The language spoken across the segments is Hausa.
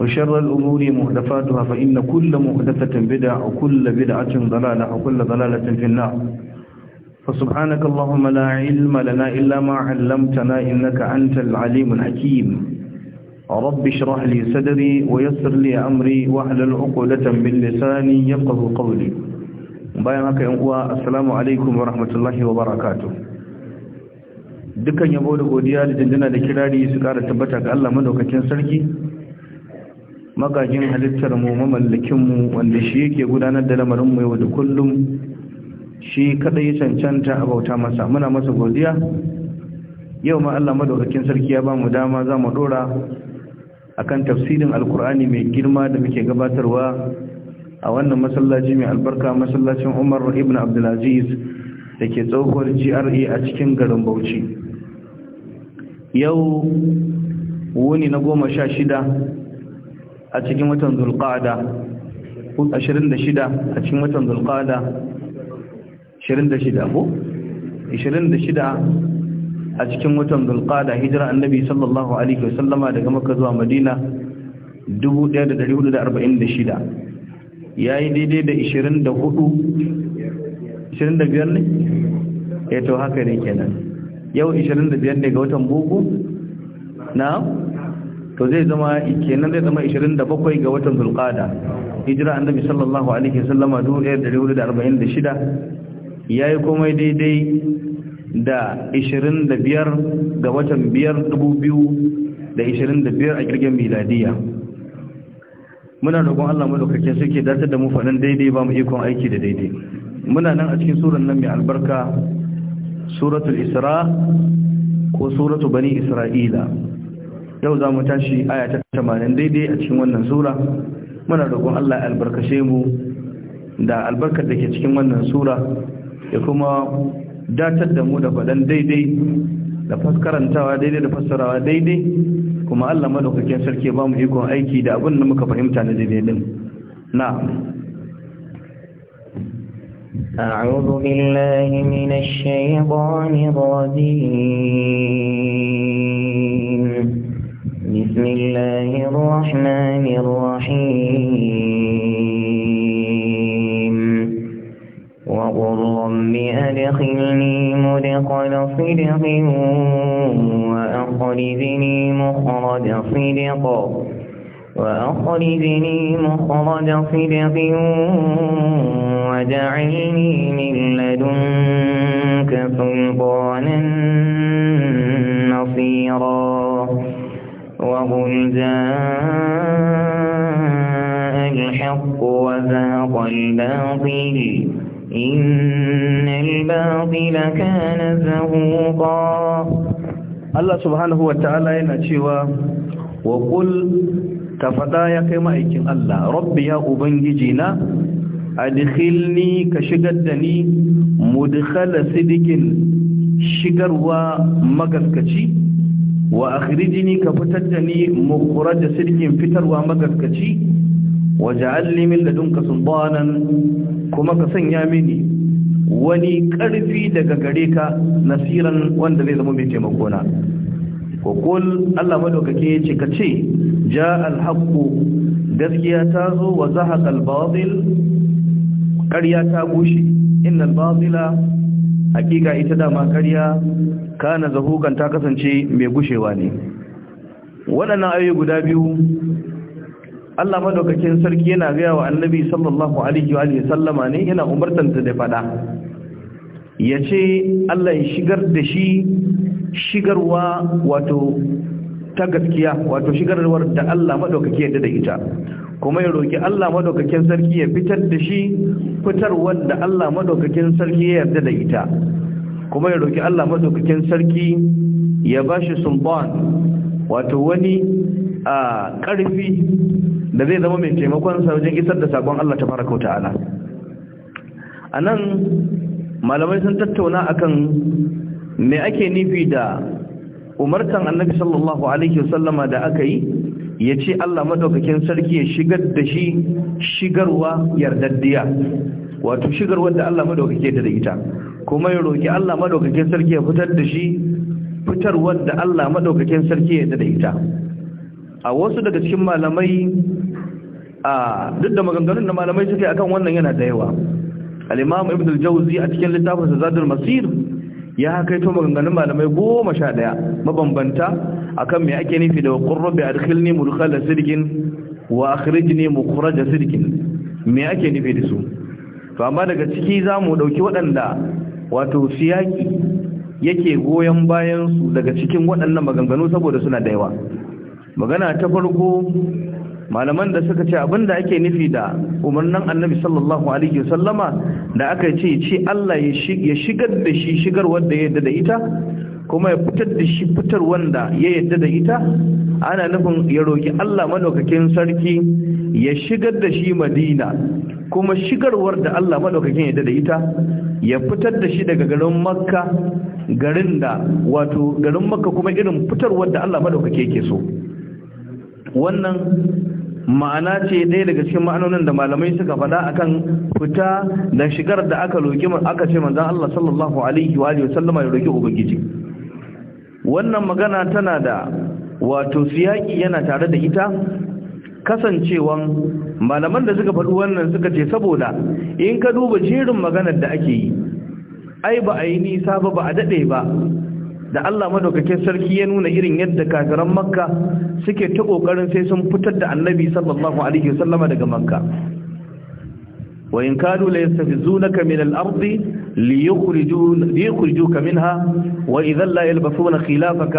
وشر الأمور محدثاتها فإن كل محدثة بدعة وكل بدعة ضلالة وكل ضلالة في النار فسبحانك اللهم لا علم لنا إلا ما علمتنا إنك أنت العليم الحكيم رب اشرح لي صدري ويسر لي أمري واحلل عقدة من لساني يفقه قولي bayan haka yan uwa assalamu alaikum wa rahmatullahi wa barakatuh dukkan yabo da godiya da dindina da kirari su kara tabbata ga Allah madaukakin sarki magagin halittar mu mamallakin mu wanda shi yake gudanar da lamarin mu yau da kullum shi kadai cancanta a bauta masa muna masa godiya yau ma Allah madaukakin sarki ya bamu dama za mu dora akan tafsirin alkur'ani mai girma da muke gabatarwa a wannan masallaci mai albarka masallacin Umar ibn Abdulaziz da ke tsohuwar GRA a cikin garin Bauchi yau wuni na goma sha shida a cikin watan zulƙada 26 a cikin watan zulƙada 26 ko 26 a cikin watan zulƙada hijira annabi sallallahu alaihi wasallama daga makka zuwa madina 1446 yayi daidai da 24 25 ne eh to haka ne kenan yau 25 ne ga watan boko na to zai zama kenan zai zama 27 ga watan zulqada hijira annabi sallallahu alaihi wasallama 1446 yayi komai daidai da 25 ga watan da 2025 a kirgin miladiya muna roƙon Allah madaukake suke datar da mu faɗin daidai ba mu ikon aiki da daidai muna nan a cikin suran nan mai albarka suratul isra ko suratu bani isra'ila yau za mu tashi aya ta tamanin daidai a cikin wannan sura muna roƙon Allah ya mu da albarkar da ke cikin wannan sura ya kuma datar da mu da faɗan daidai da faskarantawa daidai da fassarawa daidai kuma Allah madaukakin sarki ba mu ikon aiki da abin da muka fahimta na daidai din na أعوذ بالله من الشيطان الرجيم بسم الله الرحمن الرحيم وقل رب أدخلني مدخل صدق وأخرجني مخرج صدق وأخرجني مخرج صدق وجعلني من لدنك سلطانا نصيرا وقل جاء الحق وزهق الباطل إن الباطل كان زهوقا الله سبحانه وتعالى ينشيوا وقل كفدا يا كما يكن الله ربي يا أبنجينا أدخلني كشغدني مدخل صدق شغروا مغسكشي wa akhrijni ka fitar da ni mukhraj sirkin fitarwa magaskaci waj'alni min ladunka sultanan kuma ka sanya mini wani karfi daga gare ka nasiran wanda zai zama mai taimako na ko kul Allah madaukake yace ka ce ja alhaƙu haqqu gaskiya ta zo wa zahaqa al-batil ƙarya ta bushe innal batila haƙiƙa ita dama ƙarya kana zahukan ta kasance mai gushewa ne waɗannan ayoyi guda biyu Allah madaukakin sarki yana gaya wa annabi sallallahu alaihi wa sallama ne yana umartanta da fada ya ce Allah ya shigar da shi shigarwa wato ta gaskiya wato shigarwar da Allah madaukake ya da ita kuma ya roki Allah madaukakin sarki ya fitar da shi fitarwar da Allah madaukakin sarki ya yarda da ita kuma ya roki Allah madaukakin sarki ya bashi sunban wato wani a karfi da zai zama mai taimakon sa wajen isar da sakon Allah ta tabaraka ta'ala anan malamai sun tattauna akan me ake nufi da umartan annabi sallallahu alaihi wasallama da aka yi ya ce Allah madaukakin sarki ya shigar da shi shigarwa yardaddiya wato shigarwar da Allah madaukake da ita kuma ya roƙi Allah maɗaukakin sarki ya fitar da shi fitar wanda Allah maɗaukakin sarki ya yi da ita a wasu daga cikin malamai a duk da maganganun da malamai suke akan wannan yana da yawa Alimamu Ibn al-Jawzi a cikin littafin Zadul Masir ya kai to maganganun malamai goma sha ɗaya mabambanta akan me ake nufi da qurrabi adkhilni mudkhala sirgin wa akhrijni mukhraja sirgin me ake nufi da su to amma daga ciki zamu dauki waɗanda wato siyaki yake goyon bayan su daga cikin waɗannan maganganu saboda suna da yawa magana ta farko malaman da suka ce abinda ake nufi da umarnin annabi sallallahu alaihi wasallama da aka ce ce Allah ya shigar da shi shigar wanda ya yadda da ita kuma ya fitar da shi fitar wanda ya yadda da ita ana nufin ya roki Allah madaukakin sarki ya shigar da shi Madina kuma shigarwar da Allah madaukakin yadda da ita ya fitar da shi daga garin makka garin da wato garin makka kuma irin fitarwar da Allah madaukake yake so wannan ma'ana ce ɗaya daga cikin ma'anonin da malamai suka faɗa akan fita da shigar da aka roki aka ce manzon Allah sallallahu alaihi wa alihi sallama ya roki ubangiji wannan magana tana da wato siyaki yana tare da ita kasancewan malaman da suka faɗi wannan suka ce saboda in ka duba jerin maganar da ake yi ai ba a yi nisa ba ba a daɗe ba da Allah madaukakin sarki ya nuna irin yadda kafiran makka suke ta ƙoƙarin sai sun fitar da annabi sallallahu alaihi wasallama daga makka وإن كادوا ليستفزونك من الأرض ليخرجوك منها وإذا لا يلبثون خلافك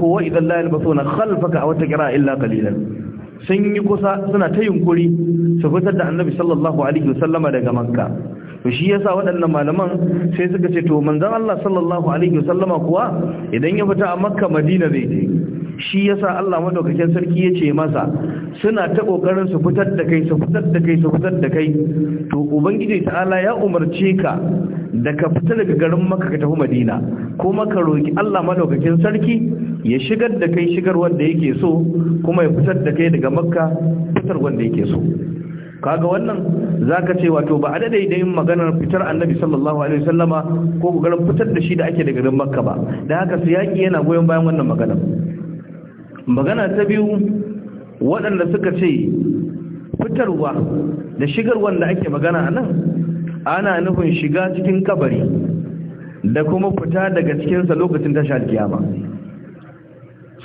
وإذا لا يلبثون خلفك أو تقرأ إلا قليلا sun yi kusa suna ta yunkuri su fitar da annabi sallallahu alaihi wasallama daga makka to shi yasa waɗannan malaman sai suka ce to manzon Allah sallallahu alaihi wasallama kuwa idan ya fita a makka madina zai je shi yasa Allah madaukakin sarki ya ce masa suna ta kokarin su fitar da kai su fitar da kai su fitar da kai to ubangiji ta'ala ya umarce ka da ka fita daga garin Makka ka tafi madina kuma ka roki Allah madaukakin sarki ya shigar da kai shigar wanda yake so kuma ya fitar da kai daga makka fitar wanda yake so kaga wannan zaka ce wato ba a da yin maganar fitar annabi sallallahu alaihi wasallama ko garin fitar da shi da ake daga garin makka ba da haka su yaki yana goyon bayan wannan maganar magana ta biyu waɗanda suka ce fitarwa da shigar wanda ake magana a nan ana nufin shiga cikin kabari da kuma fita daga cikinsa lokacin tashar ba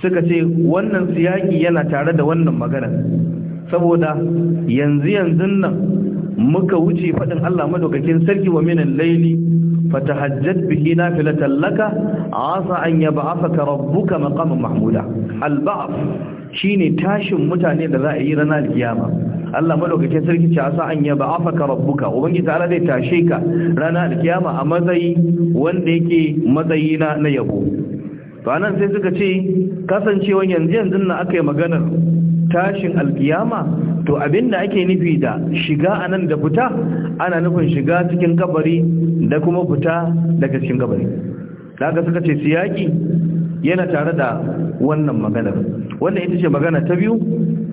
suka ce wannan siyaki yana tare da wannan magana saboda yanzu yanzu nan muka wuce faɗin Allah madaukakin sarki wa minan laili فتهجد به نافلة لك عاصى أن يبعثك ربك مقام محمودا البعض شيني تاشم متاني لذائي لنا القيامة Allah malaukake sarki ce asa an yaba afaka rabbuka ubangi ta'ala zai tashe ka rana alkiyama a matsayi wanda yake matsayi na na yabo to anan sai suka ce kasancewa yanzu yanzu na aka maganar tashin alkiyama to abinda ake nufi da shiga anan da fita ana nufin shiga cikin kabari da kuma fita daga cikin kabari daga suka ce siyaki yana tare da wannan maganar wanda ita ce magana ta biyu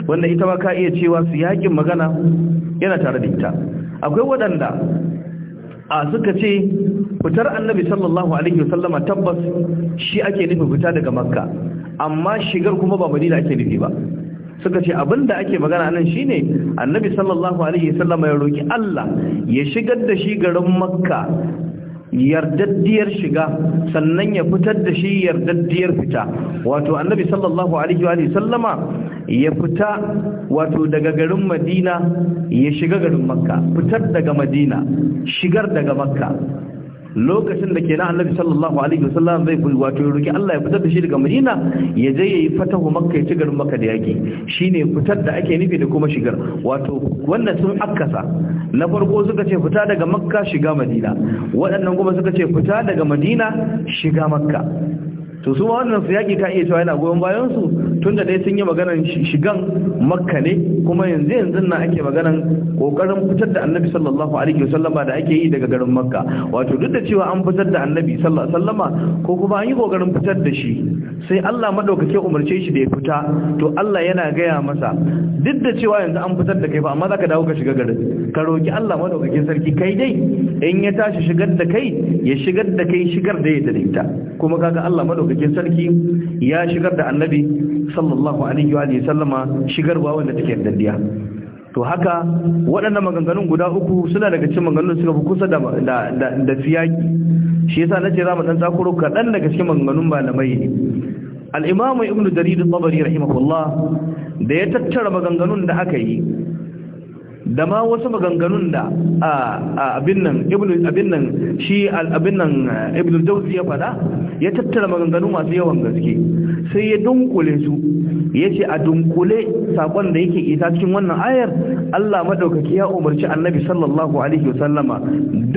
wanda ita ba ka iya cewa siyakin magana yana tare da ita akwai waɗanda a suka ce fitar annabi sallallahu alaihi wasallama tabbas shi ake nufi fita daga makka amma shigar kuma ba madina ake nufi ba suka ce abinda ake magana nan shine annabi sallallahu alaihi wasallam ya roki Allah ya shigar da shi garin makka yardaddiyar shiga sannan ya fitar da shi yardaddiyar fita wato annabi sallallahu alaihi wa sallama ya fita wato daga garin madina ya shiga garin makka fitar daga madina shigar daga makka lokacin da ke na annabi sallallahu alaihi wasallam zai fi wato ya roki Allah ya fitar da shi daga Madina ya je yayi fatahu Makka ya ci garin Makka da yaki shine fitar da ake nufi da kuma shigar wato wannan sun akkasa na farko suka ce fita daga Makka shiga Madina waɗannan kuma suka ce fita daga Madina shiga Makka to su wannan su yaƙi ka iya cewa yana goyon bayan su tun da dai sun yi maganar shigan makka ne kuma yanzu yanzu na ake maganar kokarin fitar da annabi sallallahu alaihi wasallam da ake yi daga garin makka wato duk da cewa an fitar da annabi sallallahu alaihi wasallama ko kuma an yi kokarin fitar da shi sai Allah madaukake umarce shi da ya fita to Allah yana gaya masa duk da cewa yanzu an fitar da kai ba amma zaka dawo ka shiga garin ka roki Allah madaukakin sarki kai dai in ya tashi shigar da kai ya shigar da kai shigar da ya daidaita kuma kaga Allah madaukakin madaukakin sarki ya shigar da annabi sallallahu alaihi wa sallama shigarwa wanda take daddiya to haka waɗannan maganganun guda uku suna daga cikin maganganun suka fi kusa da da siyaki shi yasa nace za mu dan tsakuro kaɗan daga cikin maganganun malamai al imamu ibnu jarir tabari rahimahullah da ya tattara maganganun da aka yi da ma wasu maganganun da abin nan shi abin nan ibn jauzi ya fada ya tattara maganganu masu yawan gaske sai ya dunkule su ce a dunkule sakon da yake isa cikin wannan ayar Allah madaukaki ya umarci annabi sallallahu alaihi wasallama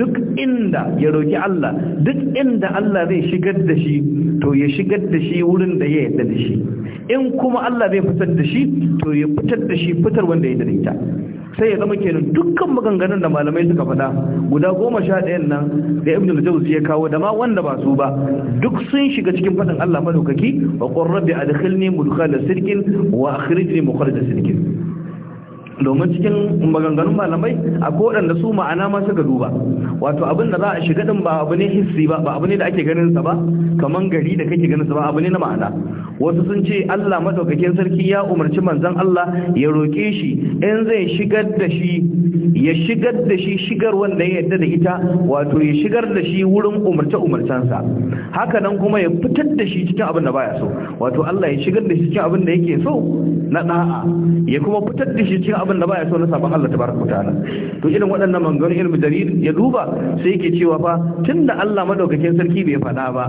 duk inda ya roki Allah duk inda Allah zai shigar da shi to ya shigar da shi wurin da ya yarda da shi in kuma Allah zai fitar da shi to ya fitar da shi fitar wanda ya yarda sai ya zama kenan dukkan maganganun da malamai suka faɗa guda goma sha ɗayan nan da ibn al-jawzi ya kawo da ma wanda ba su ba duk sun shiga cikin faɗin Allah madaukaki wa qur rabbi adkhilni mudkhala sirkin wa akhrijni mukhrij sirkin domin cikin maganganun malamai a waɗanda su ma'ana ma suka duba wato abin da za a shiga din ba abu ne hissi ba ba abu ne da ake ganin sa ba kaman gari da kake ganin sa ba abu ne na ma'ana wasu sun ce Allah madaukakin sarki ya umarci manzon Allah ya roke shi in zai shigar da shi ya shigar da shi shigar wanda ya yadda da ita wato ya shigar da shi wurin umarce umarcensa haka nan kuma ya fitar da shi cikin abin da baya so wato Allah ya shigar da shi cikin abin da yake so na da'a ya kuma fitar da shi cikin abin da baya so na sabon Allah tabaraka ta'ala to irin waɗannan mangan ilmu jarir ya duba sai yake cewa fa tunda Allah madaukakin sarki bai faɗa ba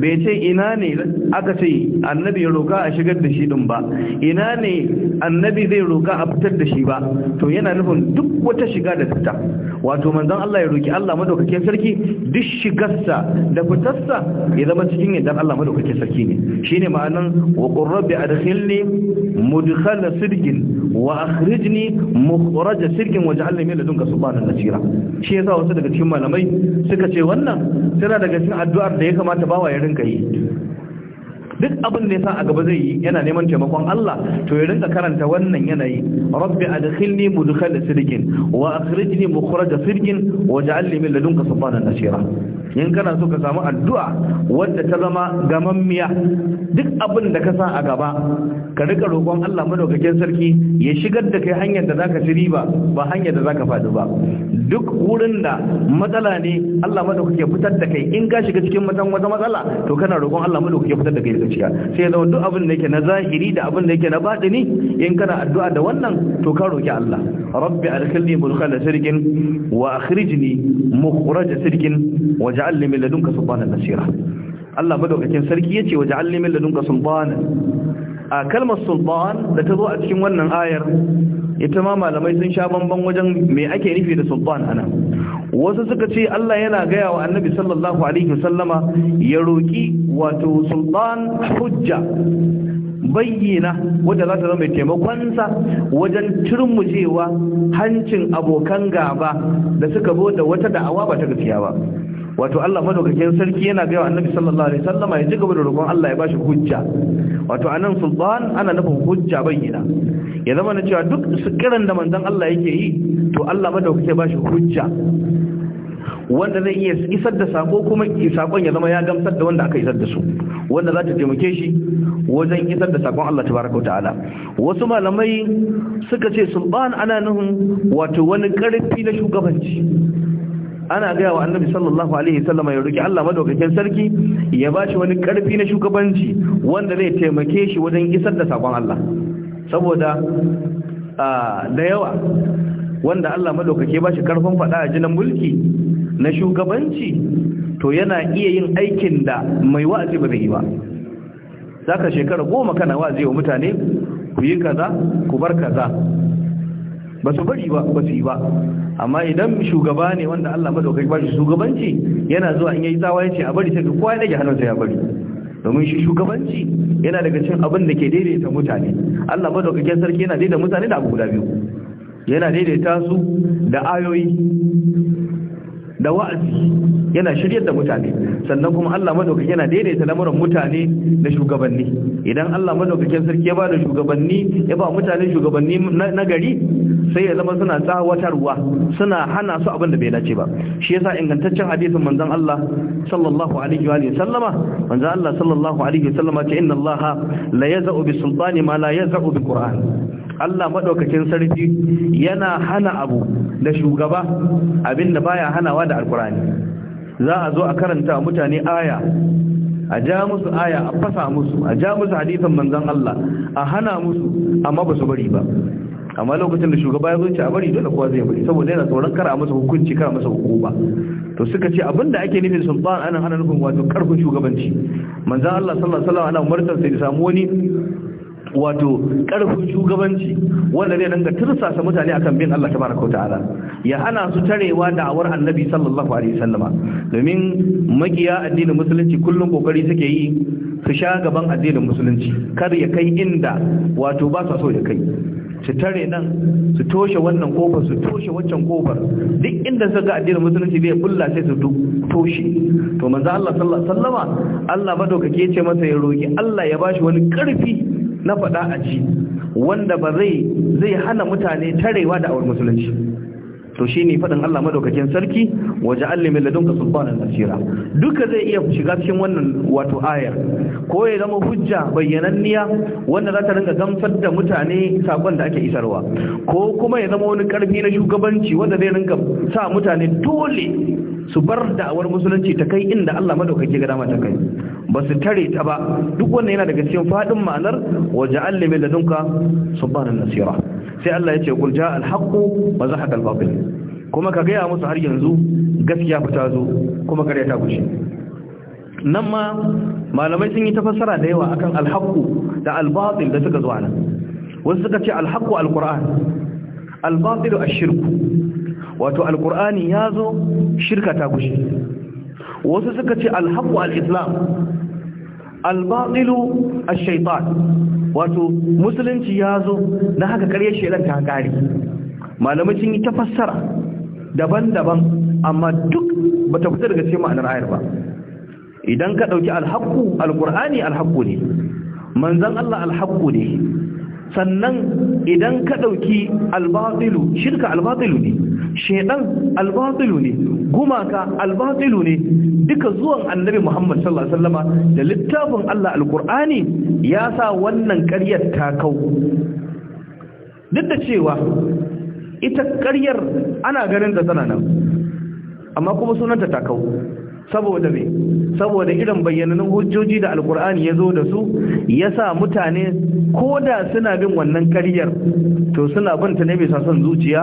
bai ce ina ne aka ce annabi ya roka a shigar da shi din ba ina ne annabi zai roka a fitar da shi ba to yana nufin duk wata shiga da fita wato manzon Allah ya roki Allah madaukakin sarki duk shigarsa da fitarsa ya zama cikin yadda Allah madaukakin sarki ne shine ma'anan wa qurrabi adkhilni mudkhala sidqin wa akhrijni mukhraja shirkin ja'alni min ladunka subhanan nasira shi yasa wasu daga cikin malamai suka ce wannan tana daga cikin addu'ar da ya kamata bawa ya rinka yi duk abin da ya sa a gaba zai yi yana neman taimakon Allah to ya rinka karanta wannan yanayi rabbi adkhilni mudkhal sidqin wa akhrijni mukhraj sidqin waj'al li min ladunka sultanan nasira in kana so ka samu addu'a wadda ta zama gamammiya duk abin da ka sa a gaba ka rika roƙon Allah madaukakin sarki ya shigar da kai hanyar da zaka ci ba ba hanyar da zaka faɗi ba duk wurin da matsala ne Allah madaukake fitar da kai in ka shiga cikin matan wata matsala to kana roƙon Allah madaukake fitar da kai zuciya sai zama duk abin da yake na zahiri da abin da yake na baɗi batini in kana addu'a da wannan to ka roƙi Allah rabbi adkhilni da sirkin wa akhrijni da sirkin waj'al li min ladunka sultanan nasira Allah madaukakin sarki yace waj'al li min ladunka sultanan a kalmar sultan da ta zo a cikin wannan ayar ita ma malamai sun sha bamban wajen me ake nufi da sultan ana wasu suka ce Allah yana gaya wa annabi sallallahu alaihi wasallama ya roki wato sultan hujja bayyana wadda za ta zama mai taimakonsa wajen turmujewa hancin abokan gaba da suka zo da wata da'awa ba ta gaskiya ba wato Allah madaukakin sarki yana ga annabi sallallahu alaihi wasallam ya gaba da roƙon Allah ya bashi hujja wato anan sultan ana nufin hujja bayyana ya zama na cewa duk kiran da manzon Allah yake yi to Allah madaukakin bashi hujja wanda zai iya isar da sako kuma sakon ya zama ya gamsar da wanda aka isar da su wanda za ta taimake shi wajen isar da sakon Allah tabaraka wa ta'ala wasu malamai suka ce sultan ana nuhun wato wani karfi na shugabanci ana gaya wa annabi sallallahu alaihi wasallam ya roki Allah madaukakin sarki ya ba shi wani karfi na shugabanci wanda zai taimake shi wajen isar da sakon Allah saboda da yawa wanda Allah madaukake ba shi karfin fada a jinan mulki na shugabanci to yana iya yin aikin da mai wa'azi ba zai yi ba zaka shekara goma kana wa'azi wa mutane ku yi kaza ku bar kaza ba su bari ba ba su yi ba amma idan shugaba ne wanda Allah madaukaki ba shi shugabanci yana zuwa in yayi tsawa yace a bari sai kowa ya dage hannunsa ya bari domin shi shugabanci yana daga cikin abin da ke daidaita mutane Allah madaukakin sarki yana daidaita mutane da abu guda biyu yana daidaita su da ayoyi da wa'azi yana shiryar da mutane sannan kuma Allah madaukakin yana daidaita lamuran mutane da shugabanni idan Allah madaukakin sarki ya ba da shugabanni ya ba mutane shugabanni na gari sai ya zama suna tsawatarwa suna hana su abin da bai dace ba shi yasa ingantaccen hadisin manzon Allah sallallahu alaihi wa sallama manzon Allah sallallahu alaihi wa sallama ce inna Allah la yaz'u bi sultani ma la yaz'u bi qur'an Allah maɗaukakin sarki yana hana abu da shugaba abinda baya hanawa da alkurani za a zo a karanta mutane aya a ja musu aya a fasa musu a ja musu hadisan manzan Allah a hana musu amma ba su bari ba amma lokacin da shugaba ya zoce a bari dole kowa zai bari saboda yana tsoron kar a masa hukunci kar a masa hukuma to suka ce abinda ake nufin sultan ana hana nufin wato karfin shugabanci Manzan Allah sallallahu alaihi wasallam ana umartar sai da samu wani wato karfin shugabanci wanda zai danga tursasa mutane akan bin Allah tabaraka ta'ala ya ana su tarewa da'awar annabi sallallahu alaihi wasallama domin magiya addinin musulunci kullum kokari suke yi su sha gaban addinin musulunci kar ya kai inda wato ba sa so ya kai su tare nan su toshe wannan kofar su toshe waccan kofar duk inda su ga addinin musulunci zai bulla sai su toshe to manzo Allah sallallahu alaihi wasallama Allah madaukake ya ce masa ya roki Allah ya bashi wani karfi na faɗa a ci wanda ba zai zai hana mutane tarewa da awar musulunci to shi ne faɗin Allah madaukakin sarki waje allimi ladunka sulbanan nasira duka zai iya shiga cikin wannan wato ayar ko ya zama hujja bayyananniya wanda za ta rinka gamsar da mutane sakon da ake isarwa ko kuma ya zama wani karfi na shugabanci wanda zai rinka sa mutane dole su bar da'awar musulunci ta kai inda Allah madaukake ga dama ta kai ba su tare ta ba duk wannan yana daga cikin fadin ma'anar waja'al limin ladunka subhanan nasira sai Allah ya ce kul ja'a al-haqqu wa zahaqa al-batil kuma ka gaya musu har yanzu gaskiya ba ta zo kuma ƙarya ta gushe nan ma malamai sun yi tafassara da yawa akan alhaku da albatil da suka zo nan wasu suka ce alhaqqu alquran a shirku wato alkur'ani ya zo shirka ta gushe wasu suka ce alhaku al'islam albatilu a shaitan wato musulunci ya zo na haka karyar shaidan ta kare malamai sun yi ta fassara daban-daban amma duk ba ta fita daga ce ma'anar ayar ba idan ka ɗauki alhaku alkur'ani alhaku ne manzan Allah alhaku ne sannan idan ka ɗauki albatilu shirka albatilu ne shaidan albatilu ne gumaka albatilu ne duka zuwan annabi muhammad sallallahu alaihi wasallama da littafin allah alkur'ani ya sa wannan ƙaryar ta kau duk da cewa ita ƙaryar ana ganin da tana nan amma kuma sunanta ta kau saboda me saboda irin bayyananun hujjoji da alkur'ani ya zo da su ya sa mutane ko da suna bin wannan karyar to suna bin ta ne bisa son zuciya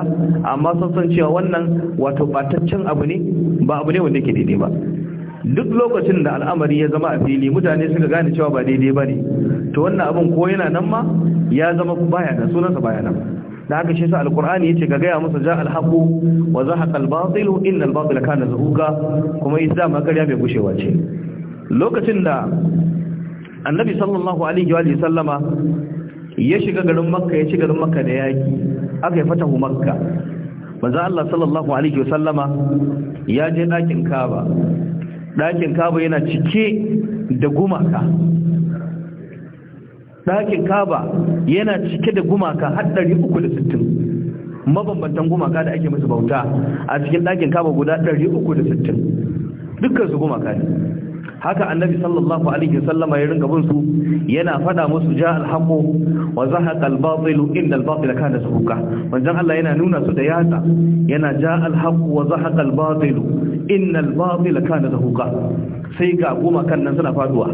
amma sun san cewa wannan wato bataccen abu ne ba abu ne wanda ke daidai ba duk lokacin da al'amari ya zama a fili mutane suka gane cewa ba daidai ba ne to wannan abin ko yana nan ma ya zama baya da sunansa baya nan da haka shi sa alqur'ani yace ga gaya musu ja alhaqu wa zahaqa albatilu inna albatila kana zuhuka. kuma isa makarya bai gushewa ce lokacin da annabi sallallahu alaihi wa sallama ya shiga garin makka ya shiga garin makka da yaki aka yi fatahu makka manzo Allah sallallahu alaihi wa sallama ya je dakin kaba dakin kaba yana cike da gumaka ɗakin kaba yana cike da gumaka har 360 mabambantan gumaka da ake musu bauta a cikin ɗakin kaba guda 360 dukkan su gumaka ne haka annabi sallallahu alaihi sallama ya ringa bin su yana fada musu ja alhaqu wa zahaqa albatil inna albatila kana zahuqa manzon Allah yana nuna su da yatsa yana ja alhaqu wa zahaqa albatil inna albatila kana zahuqa sai ga goma kan nan suna faduwa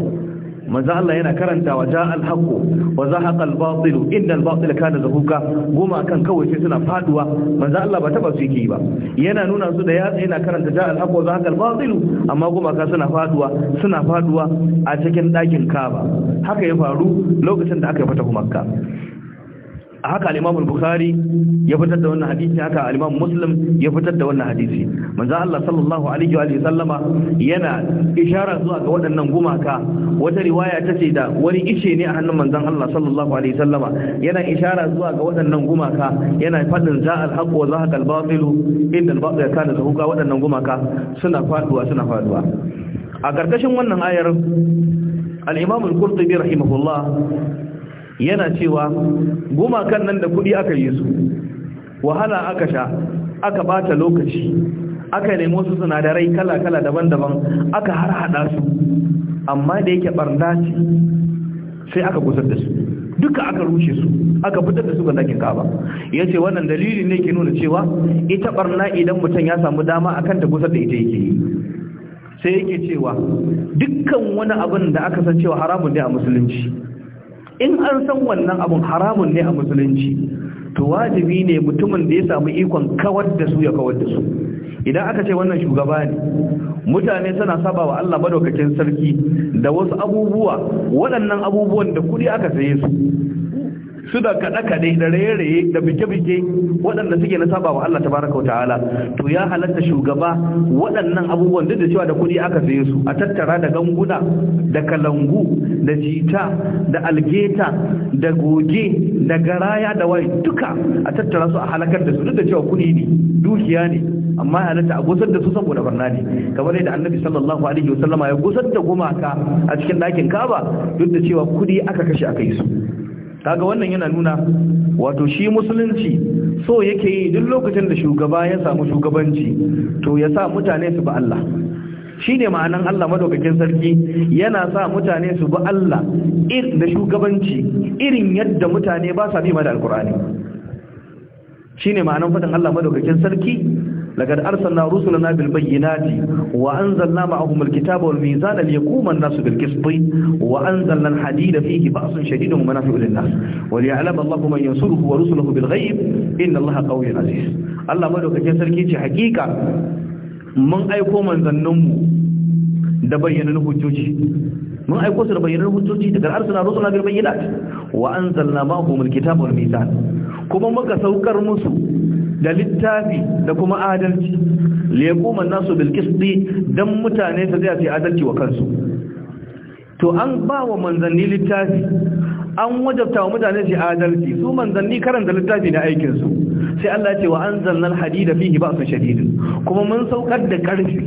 manzo Allah yana karantawa ja'al haqqu wa zahaqa al-batil innal batil kana zahuqa goma kan kawai sai suna faduwa manzo Allah ba taba su yi ba yana nuna su da yatsa yana karanta ja'al haqqu wa zahaqa batil amma goma ka suna faduwa suna faduwa a cikin dakin Kaaba haka ya faru lokacin da aka yi fatahu Makka haka al-Imam al-Bukhari ya fitar da wannan hadisi haka al-Imam Muslim ya fitar da wannan hadisi manzo Allah sallallahu alaihi wa sallama yana ishara zuwa ga waɗannan gumaka wata riwaya ta ce da wani ishe ne a hannun manzon Allah sallallahu alaihi wa sallama yana ishara zuwa ga waɗannan gumaka yana fadin za'al haqq wa zahaqal batil inda al-batil kana zahuqa waɗannan gumaka suna faduwa suna faduwa a karkashin wannan ayar al-Imam al-Qurtubi rahimahullah yana cewa gumakan nan da kuɗi aka yi su wahala aka sha aka bata lokaci aka nemi wasu sinadarai kala-kala daban-daban aka har hada su amma da yake barna ce sai aka gusar da su duka aka rushe su aka fitar da su ga dakin kaba ya ce wannan dalilin ne ke nuna cewa ita barna idan mutum ya samu dama akan ta gusar da ita yake yi sai yake cewa dukkan wani abin da aka san cewa haramun ne a musulunci in an san wannan abun haramun ne a musulunci to wajibi ne mutumin da ya samu ikon kawar da su ya kawar da su idan aka ce wannan shugaba ne mutane suna saba wa Allah madaukakin sarki da wasu abubuwa waɗannan abubuwan da kuɗi aka saye su suna kaɗe-kaɗe da raye-raye da bige-bige waɗanda suke na saba wa Allah ta baraka wa ta'ala to ya halatta shugaba waɗannan abubuwan duk da cewa da kuɗi aka saye su a tattara da ganguna da kalangu da jita da algeta da goge da garaya da wai duka a tattara su a halakar da su duk da cewa kuɗi ne dukiya ne amma ya halatta a gusar da su saboda barna ne kamar yadda annabi sallallahu alaihi wasallama ya gusar da gumaka a cikin dakin kaba duk da cewa kuɗi aka kashe aka yi su kaga wannan yana nuna wato shi musulunci so yake yi duk lokacin da shugaba ya samu shugabanci to ya sa mutane su ba Allah Shi ne ma'anan Allah madaukakin sarki yana sa mutane su bi Allah irin da shugabanci irin yadda mutane ba sa bi ma da alkur'ani ne ma'anan fadin Allah madaukakin sarki لقد أرسلنا رسلنا بالبينات وأنزلنا معهم الكتاب والميزان ليقوم الناس بالقسط وأنزلنا الحديد فيه بأس شديد ومنافع للناس وليعلم الله من ينصره ورسله بالغيب إن الله قوي عزيز الله ملوك جسر كيتي حقيقة من أيكم من ذنمه da bayyanan hujjoji mun aiko su da bayyanar hujjoji daga arsala rusula bil bayyinat wa anzalna ma'ahum alkitaba wal mizan kuma muka saukar musu da littafi da kuma adalci li yaquma nasu bil qisti dan mutane su zai su adalci wa kansu to an ba wa manzanni littafi an wajabta wa mutane su adalci su manzanni karanta littafi na aikin su sai Allah ya ce wa anzalna alhadida fihi ba'sun shadid kuma mun saukar da karfi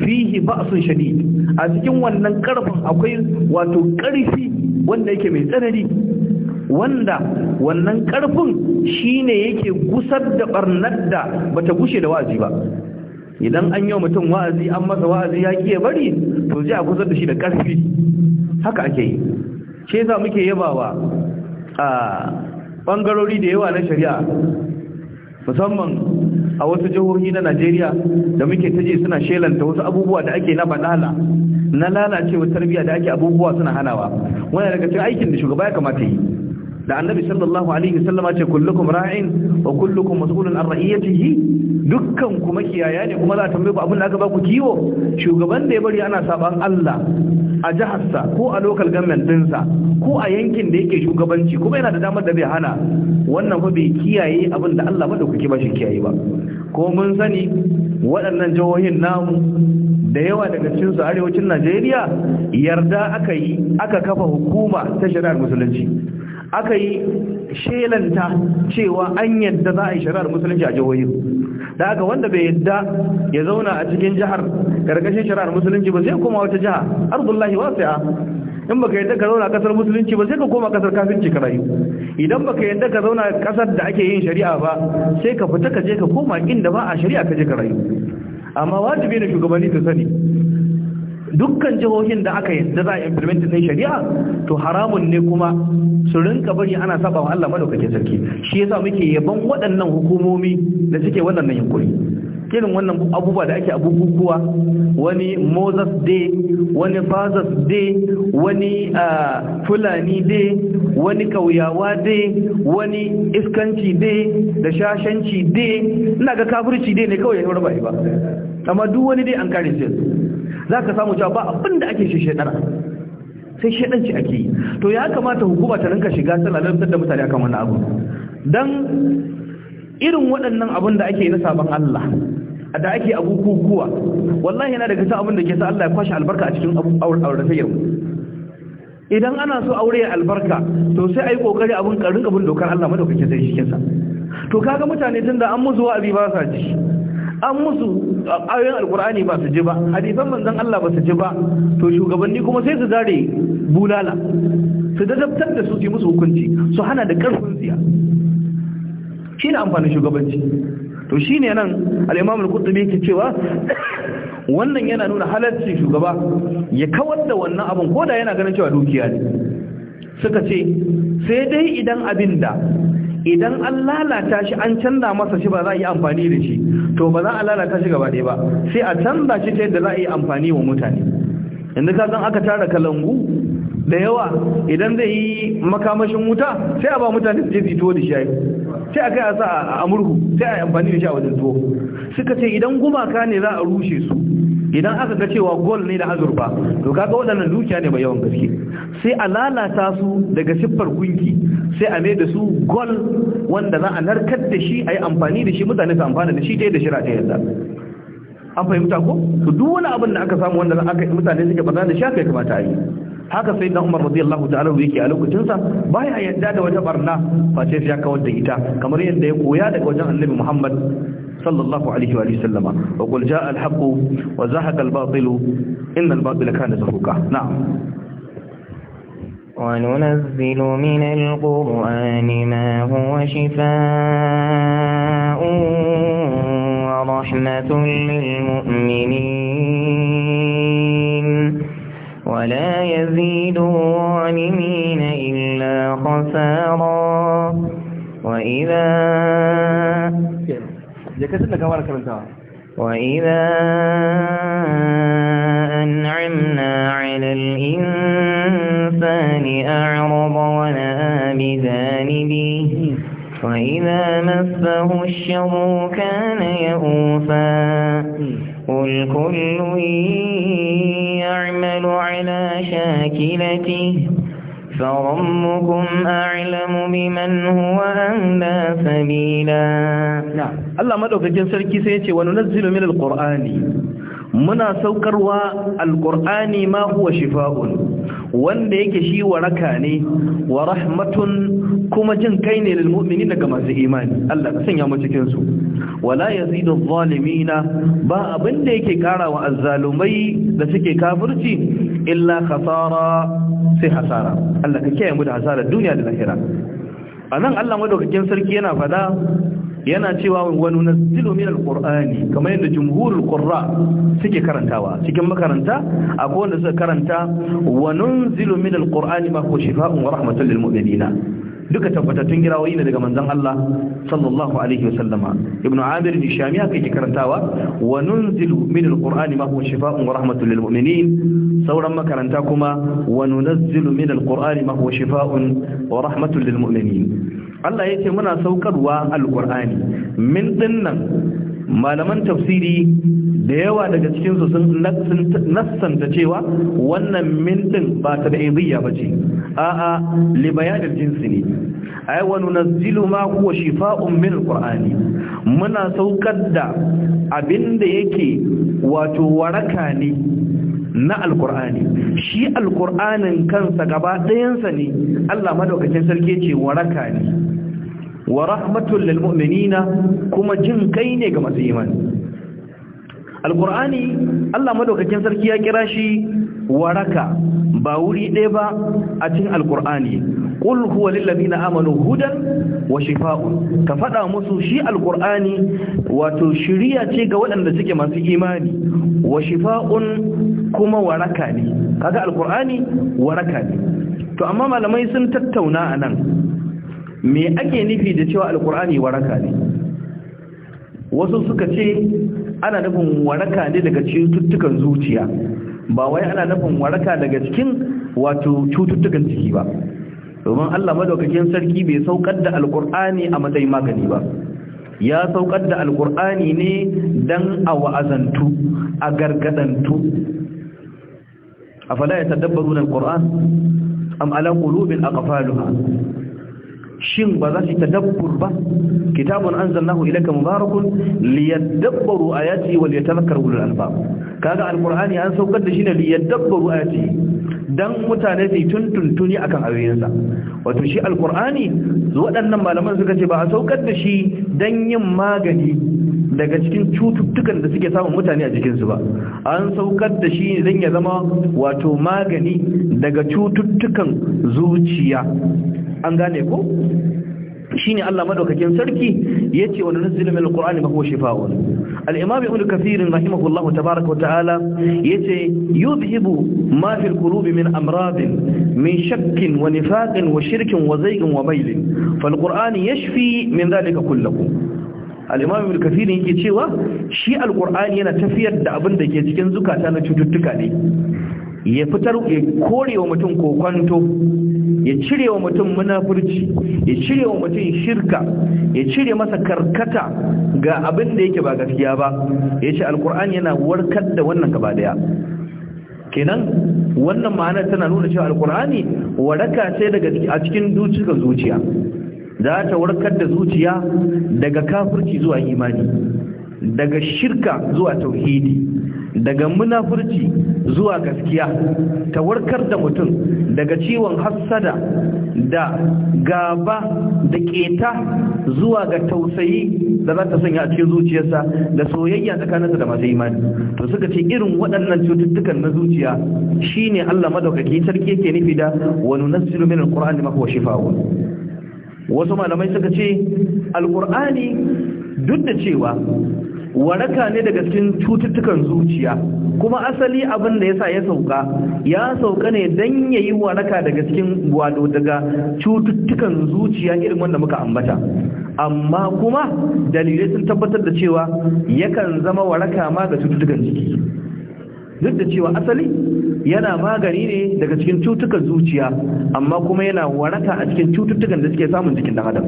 fihi ba'sun shadid a cikin wannan karfin akwai wato karfi wanda yake mai tsanani wanda wannan karfin shine yake gusar da barnar da bata gushe da wa'azi ba idan an yi mutum wa'azi an masa wa'azi ya kiye bari to je a gusar da shi da karfi haka ake yi shi yasa muke yabawa a bangarori da yawa na shari'a musamman a wasu jihohi na Najeriya da muke taje suna shelanta wasu abubuwa da ake na banala na lalacewa tarbiyya da ake abubuwa suna hanawa wannan daga cikin aikin da shugaba ya kamata yi da annabi sallallahu alaihi sallama ce kullukum ra'in wa kullukum mas'ulun an ra'iyatihi dukkan ku makiyaya ne kuma za a tambaye ku abin da aka ba ku kiwo shugaban da ya bari ana saban Allah a jiharsa ko a local government dinsa ko a yankin da yake shugabanci kuma yana da damar da bai hana wannan fa bai kiyaye abin da Allah madaukaki ba shi kiyaye ba ko mun sani waɗannan jihohin namu da yawa daga cikin su arewacin Najeriya yarda aka yi aka kafa hukuma ta shari'ar musulunci aka yi shelanta cewa an yadda za a yi shari'ar musulunci a jihohi da aka wanda bai yadda ya zauna a cikin jihar karkashin shari'ar musulunci ba sai kuma wata jiha arzullahi ya in baka yadda ka zauna kasar musulunci ba sai ka koma kasar kafinci ka rayu idan baka yadda ka zauna kasar da ake yin shari'a ba sai ka fita ka je ka koma inda ba a shari'a ka je ka rayu amma wajibi ne shugabanni su sani dukkan jihohin da aka yadda za a implementin din shari'a to haramun ne kuma su rinka bari ana saba wa Allah madaukakin sarki shi yasa muke yaban waɗannan hukumomi da suke wannan yankuri kirin wannan abubuwa da ake abubuwa wani Moses day wani Fathers day wani Fulani day wani kauyawa day wani iskanci day da shashanci day ina ga kafirci day ne kawai ya bai ba amma duk wani dai an kare shi zaka samu cewa ba abin da ake shi shedara sai shaɗanci ake yi to ya kamata hukuma ta ninka shiga tana lantar da mutane akan wannan abu don irin waɗannan abin da ake na sabon Allah da ake abu kukuwa wallahi yana daga cikin abin da ke sa Allah ya kwashe albarka a cikin auratayyar idan ana so aure ya albarka to sai ayi kokari abin karin abin dokar Allah madaukakin sai shi kinsa to kaga mutane tunda an zuwa abi ba sa ji an musu ayoyin alkur'ani ba su ji ba hadisan manzon Allah ba su ji ba to shugabanni kuma sai su zare bulala su dazabtar da su su musu hukunci su hana da karfin shi ne amfanin shugabanci to shi ne nan al kudu al ke cewa wannan yana nuna halarci shugaba ya kawar da wannan abin ko da yana ganin cewa dukiya ne suka ce sai dai idan abin da idan an lalata shi an canza masa shi ba za a yi amfani da shi to ba za a lalata shi gaba ɗaya ba sai a canza shi ta yadda za a yi amfani wa mutane yanzu ka san aka tara kalangu da yawa idan zai yi makamashin wuta sai a ba mutane su je su tuwo da shi ayi sai a kai a sa a murhu sai a yi amfani da shi a wajen tuwo suka ce idan gumaka ne za a rushe su idan aka ga cewa Gol ne da azurfa to kaga waɗannan dukiya ne mai yawan gaske sai a lalata su daga siffar gunki sai a mai da su Gol, wanda za a narkar da shi a yi amfani da shi mutane su amfana da shi ta da shira ta yadda an fahimta ko su duk wani abin da aka samu wanda aka mutane suke barna da shafe kamata a yi haka sai dan Umar radiyallahu ta'ala yake a lokacin sa baya yadda da wata barna face sai ya kawar da ita kamar yadda ya koya daga wajen Annabi Muhammad صلى الله عليه وآله وسلم وقل جاء الحق وزهق الباطل إن الباطل كان زهوكا نعم وننزل من القرآن ما هو شفاء ورحمة للمؤمنين ولا يزيد الظالمين إلا خسارا وإذا je ka tunda ka fara وإذا أنعمنا على الإنسان أعرض ونأى بجانبه وإذا مسه الشر كان يؤوفا قل كل يعمل على شاكلته فربكم أعلم بمن هو أهدى سبيلا نعم الله مدعوك جنسر كيسيتي وننزل من القرآن muna saukarwa alƙur'ani ma huwa shifa'un wanda yake shi waraka ne wa rahmatun kuma jin kai ne lil mumini daga masu imani Allah ka sanya mu cikin su wala yazidu adh-dhalimina ba abinda yake karawa azzalumai da suke kafirci illa khasara sai hasara Allah ka kiyaye mu da hasara duniya da lahira anan Allah madaukakin sarki yana fada yana cewa wa nunazzilu min alqur'ani kamar yadda jumhurul qurra suke karantawa cikin makaranta akwai wanda suka karanta wa nunzilu min alqur'ani ma huwa shifaa'un wa rahmatun lil duka tabbatattun girawoyi ne daga manzon Allah sallallahu alaihi wasallama ibnu amir hishami haka yake karantawa wa nunzilu min alqur'ani ma huwa shifaa'un wa rahmatun lil mu'minin sauran makaranta kuma wa nunazzilu min alqur'ani ma huwa shifaa'un wa rahmatun lil mu'minin Allah ya ce muna saukarwa alkur'ani min dinnan malaman tafsiri da yawa daga cikinsu sun nassanta cewa wannan min din ba ta da iziyya ba ce a'a li bayanin jinsi ne ai wa nunazzilu ma huwa shifaa'un min alqur'ani muna saukar da abinda yake wato waraka ne na alkur'ani shi alkur'anin kansa gaba ɗayansa ne Allah madaukakin sarki ce waraka ne wa rahmatul lil mu'minina kuma jin kai ne ga masu alkur'ani Allah madaukakin sarki ya kira shi waraka ba wuri ɗaya ba a cikin alkur'ani qul huwa lil amanu hudan wa shifaa'un ka faɗa musu shi alkur'ani wato shiriya ce ga waɗanda suke masu imani wa shifa'un kuma waraka ne kaga alkur'ani waraka ne to amma malamai sun tattauna anan me ake nufi da cewa alkur'ani waraka ne wasu suka ce ana nufin waraka ne daga cututtukan zuciya ba wai ana nufin waraka daga cikin wato cututtukan ciki ba domin Allah madaukakin sarki bai saukar da alkur'ani a matsayin magani ba ya saukar da alkur'ani ne dan a wa'azantu a gargadantu afala yatadabbaruna alqur'an am ala qulubin aqfaluha shin ba za su tadabbur ba kitabun anzalnahu ilayka mubarakun liyadabbaru ayati wal yatafakkaru ulul albab kaga alqur'ani an saukar da shi ne liyadabbaru ayati dan mutane su tuntuntuni akan ayoyinsa wato shi alqur'ani waɗannan malaman suka ce ba a saukar da shi dan yin magani daga cikin cututtukan da suke samun mutane a jikinsu ba an saukar da shi dan ya zama wato magani daga cututtukan zuciya an gane ko shine Allah madaukakin sarki yace wa nunzilu min alqur'ani ma huwa shifaa'un al-imam ibn kathir rahimahullah tabaaraka wa ta'ala yace yudhibu ma fi al-qulubi min amrad min shakk wa nifaq wa shirk wa zayg wa mayl fal-qur'an yashfi min dhalika kullahu al-imam ibn kathir yake cewa shi al-qur'ani yana tafiyar da abin da ke cikin zukata na cututtuka ne ya fitar ya kore wa mutum kokwanto, ya cire wa mutum munafurci ya cire wa mutum shirka ya cire masa karkata ga abin da yake ba gaskiya ba ya ce alkur'ani yana warkar da wannan gaba daya kenan wannan ma'anar tana nuna cewa alkur'ani waraka sai daga a cikin dukkan zuciya za ta warkar da zuciya daga kafirci zuwa imani daga shirka zuwa tauhidi daga munafurci zuwa gaskiya ta warkar da mutum daga ciwon hassada da gaba da keta zuwa ga tausayi da za ta sanya a cikin zuciyarsa da soyayya tsakaninsa da masu imani to suka ce irin waɗannan cututtukan na zuciya shine Allah madaukaki sarki yake nufi da wa nunassiru min alqur'ani ma huwa wasu malamai suka ce alkur'ani duk da cewa waraka ne daga cikin cututtukan zuciya kuma asali abin da yasa ya sauka ya sauka ne dan yayi waraka daga cikin wado daga cututtukan zuciya irin wanda muka ambata amma kuma dalilai sun tabbatar da cewa yakan zama waraka ma ga cututtukan jiki duk da cewa asali yana magani ne daga cikin cututtukan zuciya amma kuma yana waraka a cikin cututtukan da suke samun jikin dan adam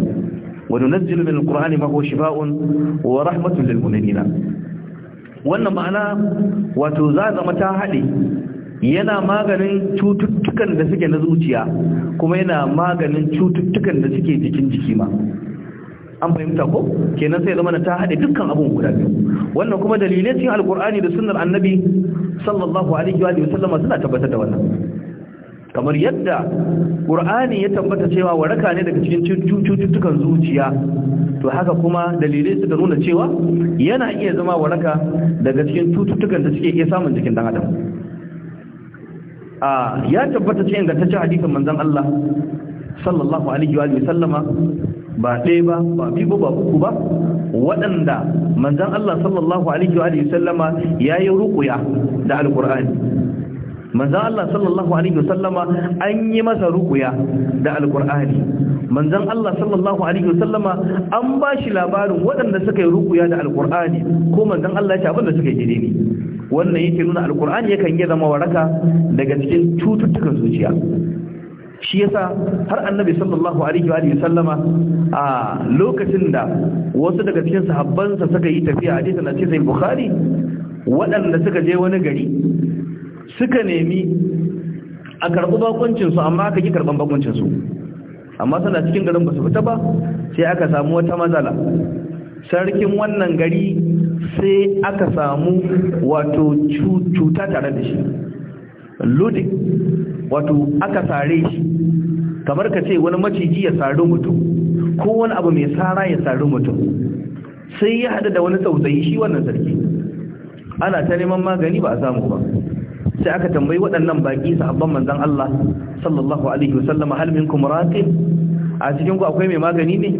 wa nunzilu min alqur'ani ma huwa shifaa'un wa rahmatun lil mu'minina wannan ma'ana wato za zama ta hade yana maganin cututtukan da suke na zuciya kuma yana maganin cututtukan da suke jikin jiki ma an fahimta ko kenan sai zama ta haɗe dukkan abun guda biyu wannan kuma dalilai cikin alkur'ani da sunnar annabi sallallahu alaihi wa sallam suna tabbatar da wannan kamar yadda qur'ani ya tabbata cewa waraka ne daga cikin cututtukan zuciya to haka kuma dalilai suka nuna cewa yana iya zama waraka daga cikin cututtukan da suke iya samun jikin dan adam ya tabbata cewa ingantaccen hadisin manzon Allah sallallahu alaihi wa sallama ba ɗaya ba ba biyu ba uku ba waɗanda manzan Allah sallallahu alaihi wa sallama ya yi rukuya da alkur'ani manzan Allah sallallahu alaihi wa sallama an yi masa rukuya da alkur'ani manzan Allah sallallahu alaihi wa sallama an ba shi labarin waɗanda suka yi rukuya da alkur'ani ko manzan Allah ya ce da suka yi ne wannan yake nuna alkur'ani yakan yi zama waraka daga cikin cututtukan zuciya shi yasa har annabi sallallahu alaihi wa sallama a lokacin da wasu daga cikin sahabbansa suka yi tafiya a hadisin na sai bukhari waɗanda suka je wani gari suka nemi a karɓi bakuncinsu amma aka ki karɓan su amma suna cikin garin ba su fita ba sai aka samu wata matsala sarkin wannan gari sai aka samu wato cuta tare da shi ludik wato aka sare shi kamar ka ce wani maciji ya sari mutum ko wani abu mai sara ya sari mutum sai ya haɗu da wani tsautsayi shi wannan sarki ana ta neman magani ba a samu ba sai aka tambayi waɗannan baƙi sahabban manzan Allah sallallahu alaihi wasallam hal minkum raqib a cikin ku akwai mai magani ne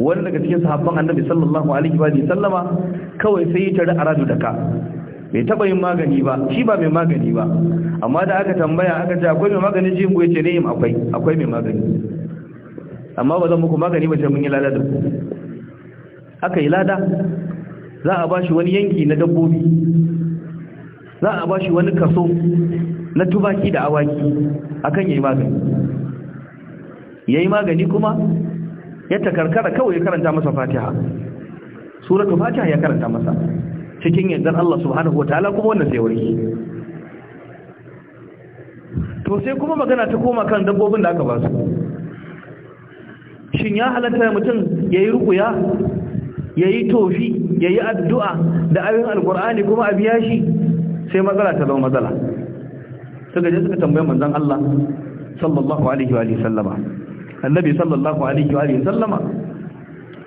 wani daga cikin sahabban annabi sallallahu alaihi wa sallama kawai sai ya tare radu da ka bai taba yin magani ba shi ba mai magani ba amma da aka tambaya aka ce akwai mai magani shi goye ce ne yin akwai akwai mai magani amma ba zan muku magani ba sai mun yi lada da ku aka yi lada za a bashi wani yanki na dabbobi za a bashi wani kaso na tubaki da awaki akan yayi magani yayi magani kuma ya takarkara kawai ya karanta masa fatiha suratul fatiha ya karanta masa cikin yardar Allah subhanahu ta'ala kuma wannan sai warki to sai kuma magana ta koma kan dabbobin da aka ba su shin ya halatta mutum yayi rukuya yayi tofi yayi addu'a da ayoyin alqur'ani kuma a biya shi sai matsala ta zama matsala suka je suka tambaye manzon Allah sallallahu alaihi wa sallama annabi sallallahu alaihi wa sallama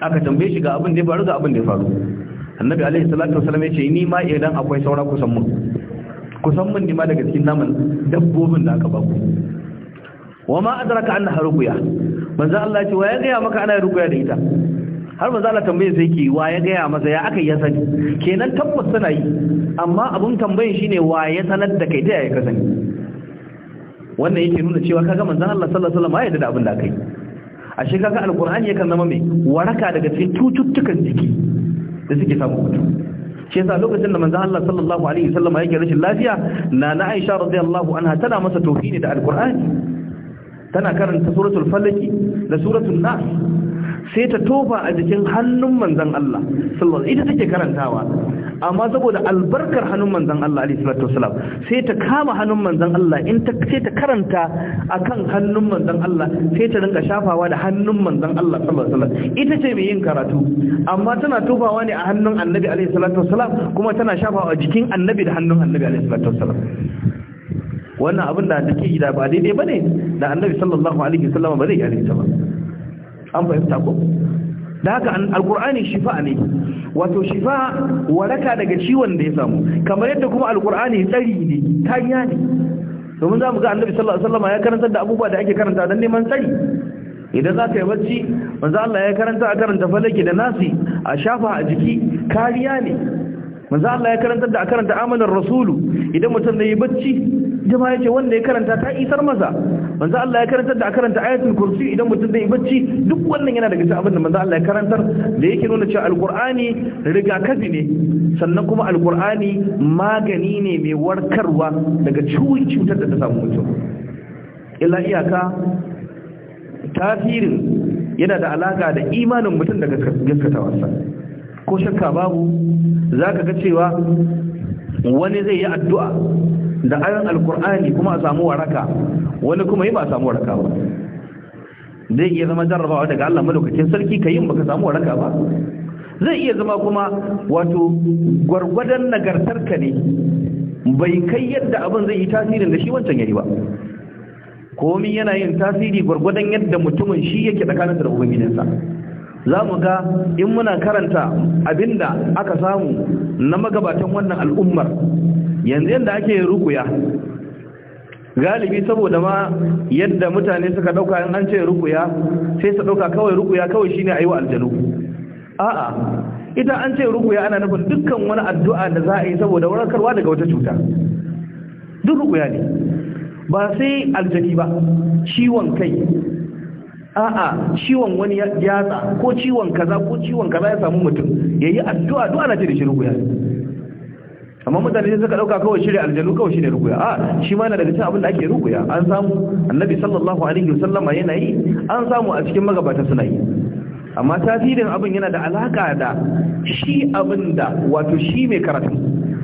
aka tambaye shi ga abin da ya faru ga abin da ya faru annabi alaihi salatu wasallam ya ce ni ma idan akwai saura kusan mun kusan mun nima daga cikin naman dabbobin da aka baku wa ma adraka anna harquya manzo Allah ya ce wa ya ga maka ana ruqya da ita har manzo Allah tambaye sai ke wa ya gaya masa ya aka ya sani kenan tabbas suna yi amma abun tambayen shine wa ya sanar da kai ta yaya ka sani wannan yake nuna cewa kaga manzo Allah sallallahu alaihi wasallam ya yarda da abin da kai shi kaga alqur'ani yakan zama mai waraka daga cikin cututtukan jiki da suke samu mutu shi yasa lokacin da manzo Allah sallallahu alaihi wasallam yake rashin lafiya na na Aisha radiyallahu anha tana masa ne da alqur'ani tana karanta suratul falaki da suratul nas sai ta tofa a jikin hannun manzan Allah sallallahu ita take karantawa amma saboda albarkar hannun manzan Allah alaihi salatu sai ta kama hannun manzan Allah in ta sai ta karanta akan hannun manzan Allah sai ta rinka shafawa da hannun manzan Allah sallallahu alaihi wasallam ita ce mai yin karatu amma tana tofawa ne a hannun annabi alaihi salatu wasalam kuma tana shafawa a jikin annabi da hannun annabi alaihi salatu wasalam wannan abin da take gida ba daidai bane da annabi sallallahu alaihi wasallam ba zai yi ba an fahimta ko da haka alkur'ani shifa ne wato shifa waraka daga ciwon da ya samu kamar yadda kuma alkur'ani tsari ne kariya ne domin za mu ga annabi sallallahu alaihi wasallam ya karanta da abubuwa da ake karanta don neman tsari idan za ka yi bacci manzo Allah ya karanta a karanta falaki da nasi a shafa a jiki kariya ne manzo Allah ya karanta da a karanta amanar rasulu idan mutum na yi bacci jama'a yake wanda ya karanta ta isar masa manzo Allah ya karanta da a karanta ayatul kursi idan mutum zai bacci duk wannan yana daga cikin abin da manzo Allah ya karantar da yake nuna cewa alqur'ani rigakafi ne sannan kuma alqur'ani magani ne mai warkarwa daga cutar da ta samu mutum illa iyaka tasirin yana da alaka da imanin mutum daga sa ko shakka babu zaka ga cewa wani zai yi addu'a da ayon alkur'ani kuma a samu waraka wani kuma yi ba a samu waraka ba zai iya zama jarrabawa daga Allah madaukakin sarki ka yin baka samu waraka ba zai iya zama kuma wato gwargwadon nagartarka ne bai kai yadda abin zai yi tasirin da shi wancan yayi ba komi yana yin tasiri gwargwadon yadda mutumin shi yake tsakanin da ubangijinsa za mu ga in muna karanta abinda aka samu na magabatan wannan al'ummar yanzu yadda ake rukuya galibi saboda ma yadda mutane suka dauka in an ce rukuya sai su dauka kawai rukuya kawai shine ayi wa aljanu a'a ita an ce rukuya ana nufin dukkan wani addu'a da za a yi saboda warkarwa daga wata cuta duk rukuya ne ba sai aljaki ba ciwon kai a'a ciwon wani yatsa ko ciwon kaza ko ciwon kaza ya samu mutum yayi addu'a du'a na ce da shi rukuya amma mutane sai suka dauka kawai shirya aljanu kawai shirya rukuya a shi ma yana daga cikin abin da ake rukuya an samu annabi sallallahu alaihi wasallama yana yi an samu a cikin magabata suna yi amma tasirin abin yana da alaka da shi abin da wato shi mai karatu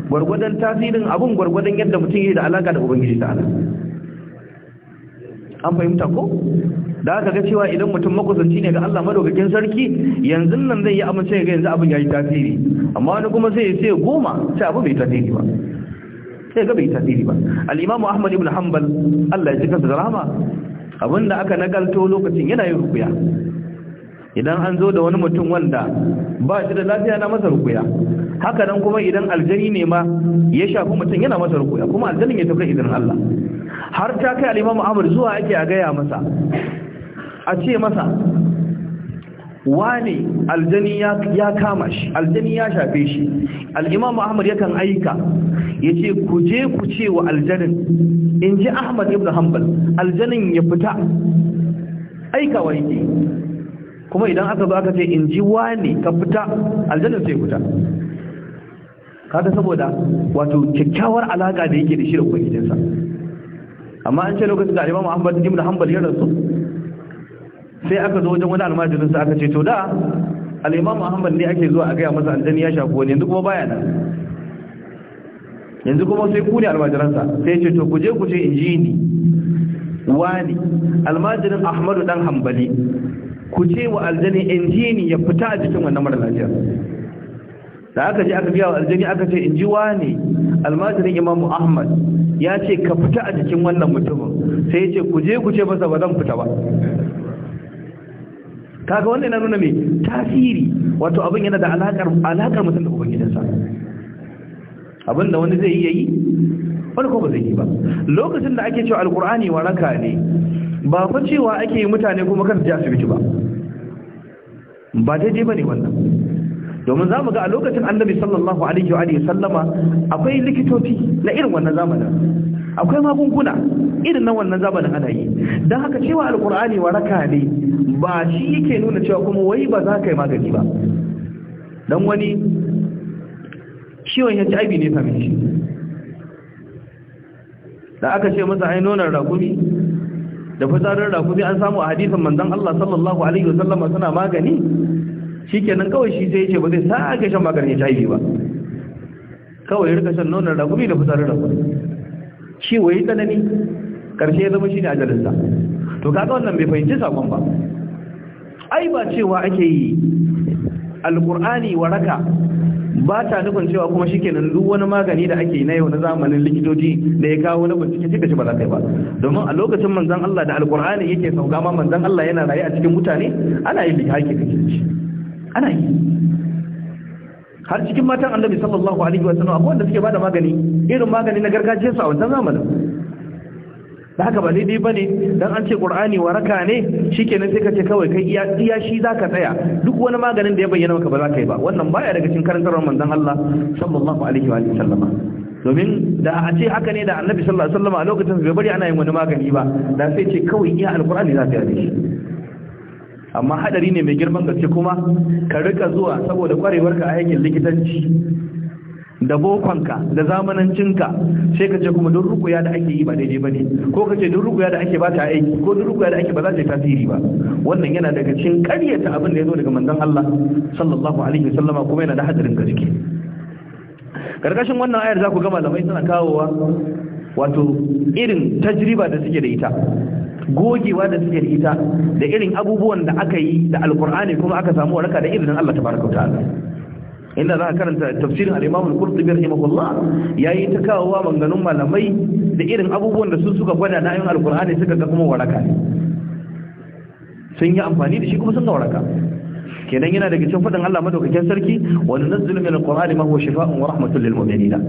gwargwadon tasirin abin gwargwadon yadda mutum yi da alaka da ubangiji ta'ala an fahimta ko da aka ga cewa idan mutum makusanci ne ga Allah madaukakin sarki yanzu nan zai yi amince ga yanzu abin yayi tasiri amma wani kuma sai ya ce goma sai abu bai tasiri ba sai ga bai tasiri ba al-imamu ahmad ibn hanbal Allah ya cika da rahama abinda aka nagalto lokacin yana yin rukuya idan an zo da wani mutum wanda ba shi da lafiya na masa rukuya haka nan kuma idan aljani ne ma ya shafi mutum yana masa rukuya kuma aljanin ya tafi idan Allah har ta kai al-Imam zuwa yake a gaya masa a ce masa wane aljani ya kama shi aljani ya shafe shi al yakan aika yace ku je ku ce wa aljanin inji Ahmad ibn Hanbal aljanin ya fita aika wa yake kuma idan aka zo aka ce in ji wane ka fita aljanin sai fita Kada saboda wato kyakkyawar alaka da yake da shi da ubangijinsa amma an ce lokacin da imamu ahmad ibn hanbal ya rasu sai aka zo wajen wani almajirin sa aka ce to da imamu ahmad ne ake zuwa a gaya masa aljani ya shafi wani yanzu kuma baya nan yanzu kuma sai ku ne almajiransa sai ce to ku je ku ce in ji ni wani almajirin ahmadu dan hanbali ku ce wa aljani in ji ni ya fita a jikin wannan mara lafiyar da aka je aka biya wa aljani aka ce in ji wani almajirin imamu ahmad ya ce ka fita a jikin wannan mutumin sai ya ce ku je ku ce masa ba zan fita ba kaga wannan yana nuna mai tasiri wato abin yana da alakar alakar mutum da sa. abin da wani zai yi yayi wani ko ba zai yi ba lokacin da ake cewa alkur'ani waraka ne ba fa cewa ake yi mutane kuma kan su asibiti ba ba ba bane wannan domin za mu ga a lokacin annabi sallallahu alaihi wa sallama akwai likitoci na irin wannan zamanin akwai magunguna irin na wannan zamanin ana yi don haka cewa alkur'ani waraka ne ba shi yake nuna cewa kuma wai ba za ka yi magani ba don wani ciwon hiv ne same shi da aka ce masa ai nonon rakumi da fitarar rakumi an samu a hadisin manzon Allah sallallahu alaihi wa sallama suna magani nan kawai shi zai ce ba zai sake shan maganin HIV ba kawai ya rika shan da ragumi da da ragumi shi wai tsanani karshe ya zama shi ne a ajalinsa to kaga wannan bai fahimci sakon ba ai ba cewa ake yi alkur'ani waraka ba ta nufin cewa kuma shi kenan duk wani magani da ake na yau na zamanin likitoci da ya kawo na bincike cika shi ba za ka yi ba domin a lokacin manzan Allah da alkur'ani yake sauka ma manzan Allah yana raye a cikin mutane ana yin lihaki da shi ana yi har cikin matan annabi sallallahu alaihi wa sallam akwai wanda suke bada magani irin magani na gargajiya su a wancan zamanin da haka ba daidai ba ne don an ce Al-Qur'ani waraka ne shikenan sai ka ce kawai kai iya shi za ka tsaya duk wani maganin da ya bayyana maka ba za ka yi ba wannan baya daga cikin karantar manzon Allah sallallahu alaihi wa sallam. domin da a ce haka ne da annabi sallallahu alaihi wa sallam a lokacin bai bari ana yin wani magani ba da sai ce kawai iya alqur'ani za ka yi amma hadari ne mai girman gaske kuma ka rika zuwa saboda kwarewarka a aikin likitanci da bokonka da zamanancinka sai ka ce kuma duk rukuya da ake yi ba daidai ba ne ko ka ce duk rukuya da ake ba ta aiki ko duk rukuya da ake ba za ta yi tasiri ba wannan yana daga cikin ƙaryata abin da ya zo daga manzon Allah sallallahu alaihi wasallama kuma yana da hadarin gaske karkashin wannan ayar za ku ga malamai suna kawowa wato irin tajriba da suke da ita gogewa da suke da ita da irin abubuwan da aka yi da alkur'ani kuma aka samu waraka da irin Allah tabaraka ta'ala inda za ka karanta tafsirin al-Imam al-Qurtubi rahimahullah yayi ta kawowa manganun malamai da irin abubuwan da su suka gwada na ayoyin alkur'ani suka ga kuma waraka sun yi amfani da shi kuma sun ga waraka kenan yana daga cikin fadin Allah madaukakin sarki wa nunzilu min alqur'ani ma huwa shifaa'un wa rahmatun lil mu'minina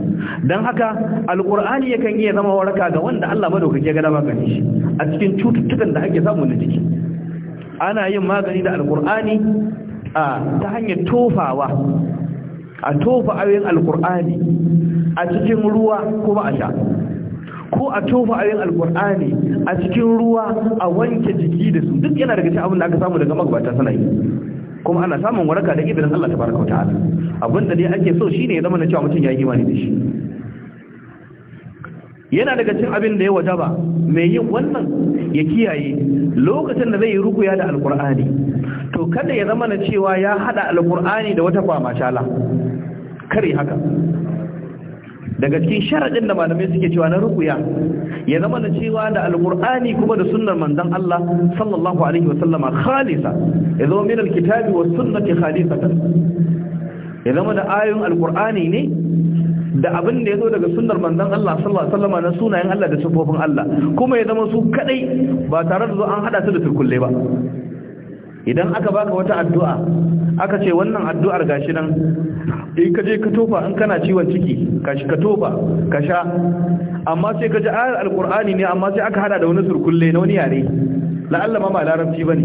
dan haka alqur'ani yakan iya zama waraka ga wanda Allah madaukake ga dama kan shi a cikin cututtukan da ake samu na jiki ana yin magani da alqur'ani ta hanyar tofawa a tofa ayoyin alqur'ani a cikin ruwa kuma a sha ko a tofa ayoyin alkur'ani a cikin ruwa a wanke jiki da su duk yana daga cikin abin da aka samu daga magabata sanayi kuma ana samun waraka da izinin Allah ta baraka ta'ala abin da ne ake so shine ya zama na cewa mutum ya yi imani da shi yana daga cin abin da ya wajaba mai yin wannan ya kiyaye lokacin da zai yi rukuya da alkur'ani to kada ya zama na cewa ya hada alkur'ani da wata mashala kare haka daga cikin sharadin da malamai suke cewa na rukuya ya zama da cewa da alkur'ani kuma da sunnar manzon Allah sallallahu alaihi wa sallama khalisa ya zama min alkitabi was sunnati khalisatan ya zama da ayoyin Alkur'ani ne da abin da ya zo daga sunnar manzon Allah sallallahu alaihi wasallama na sunayen Allah da sifofin Allah kuma ya zama su kadai ba tare da zo an hada su da turkulle ba idan aka baka wata addu'a aka ce wannan addu'ar gashi nan in ka je ka tofa in kana ciwon ciki kashi ka tofa ka sha amma sai ka ji ayar alkur'ani ne amma sai aka hada da wani surkulle na wani yare la'alla ma ba larabci bane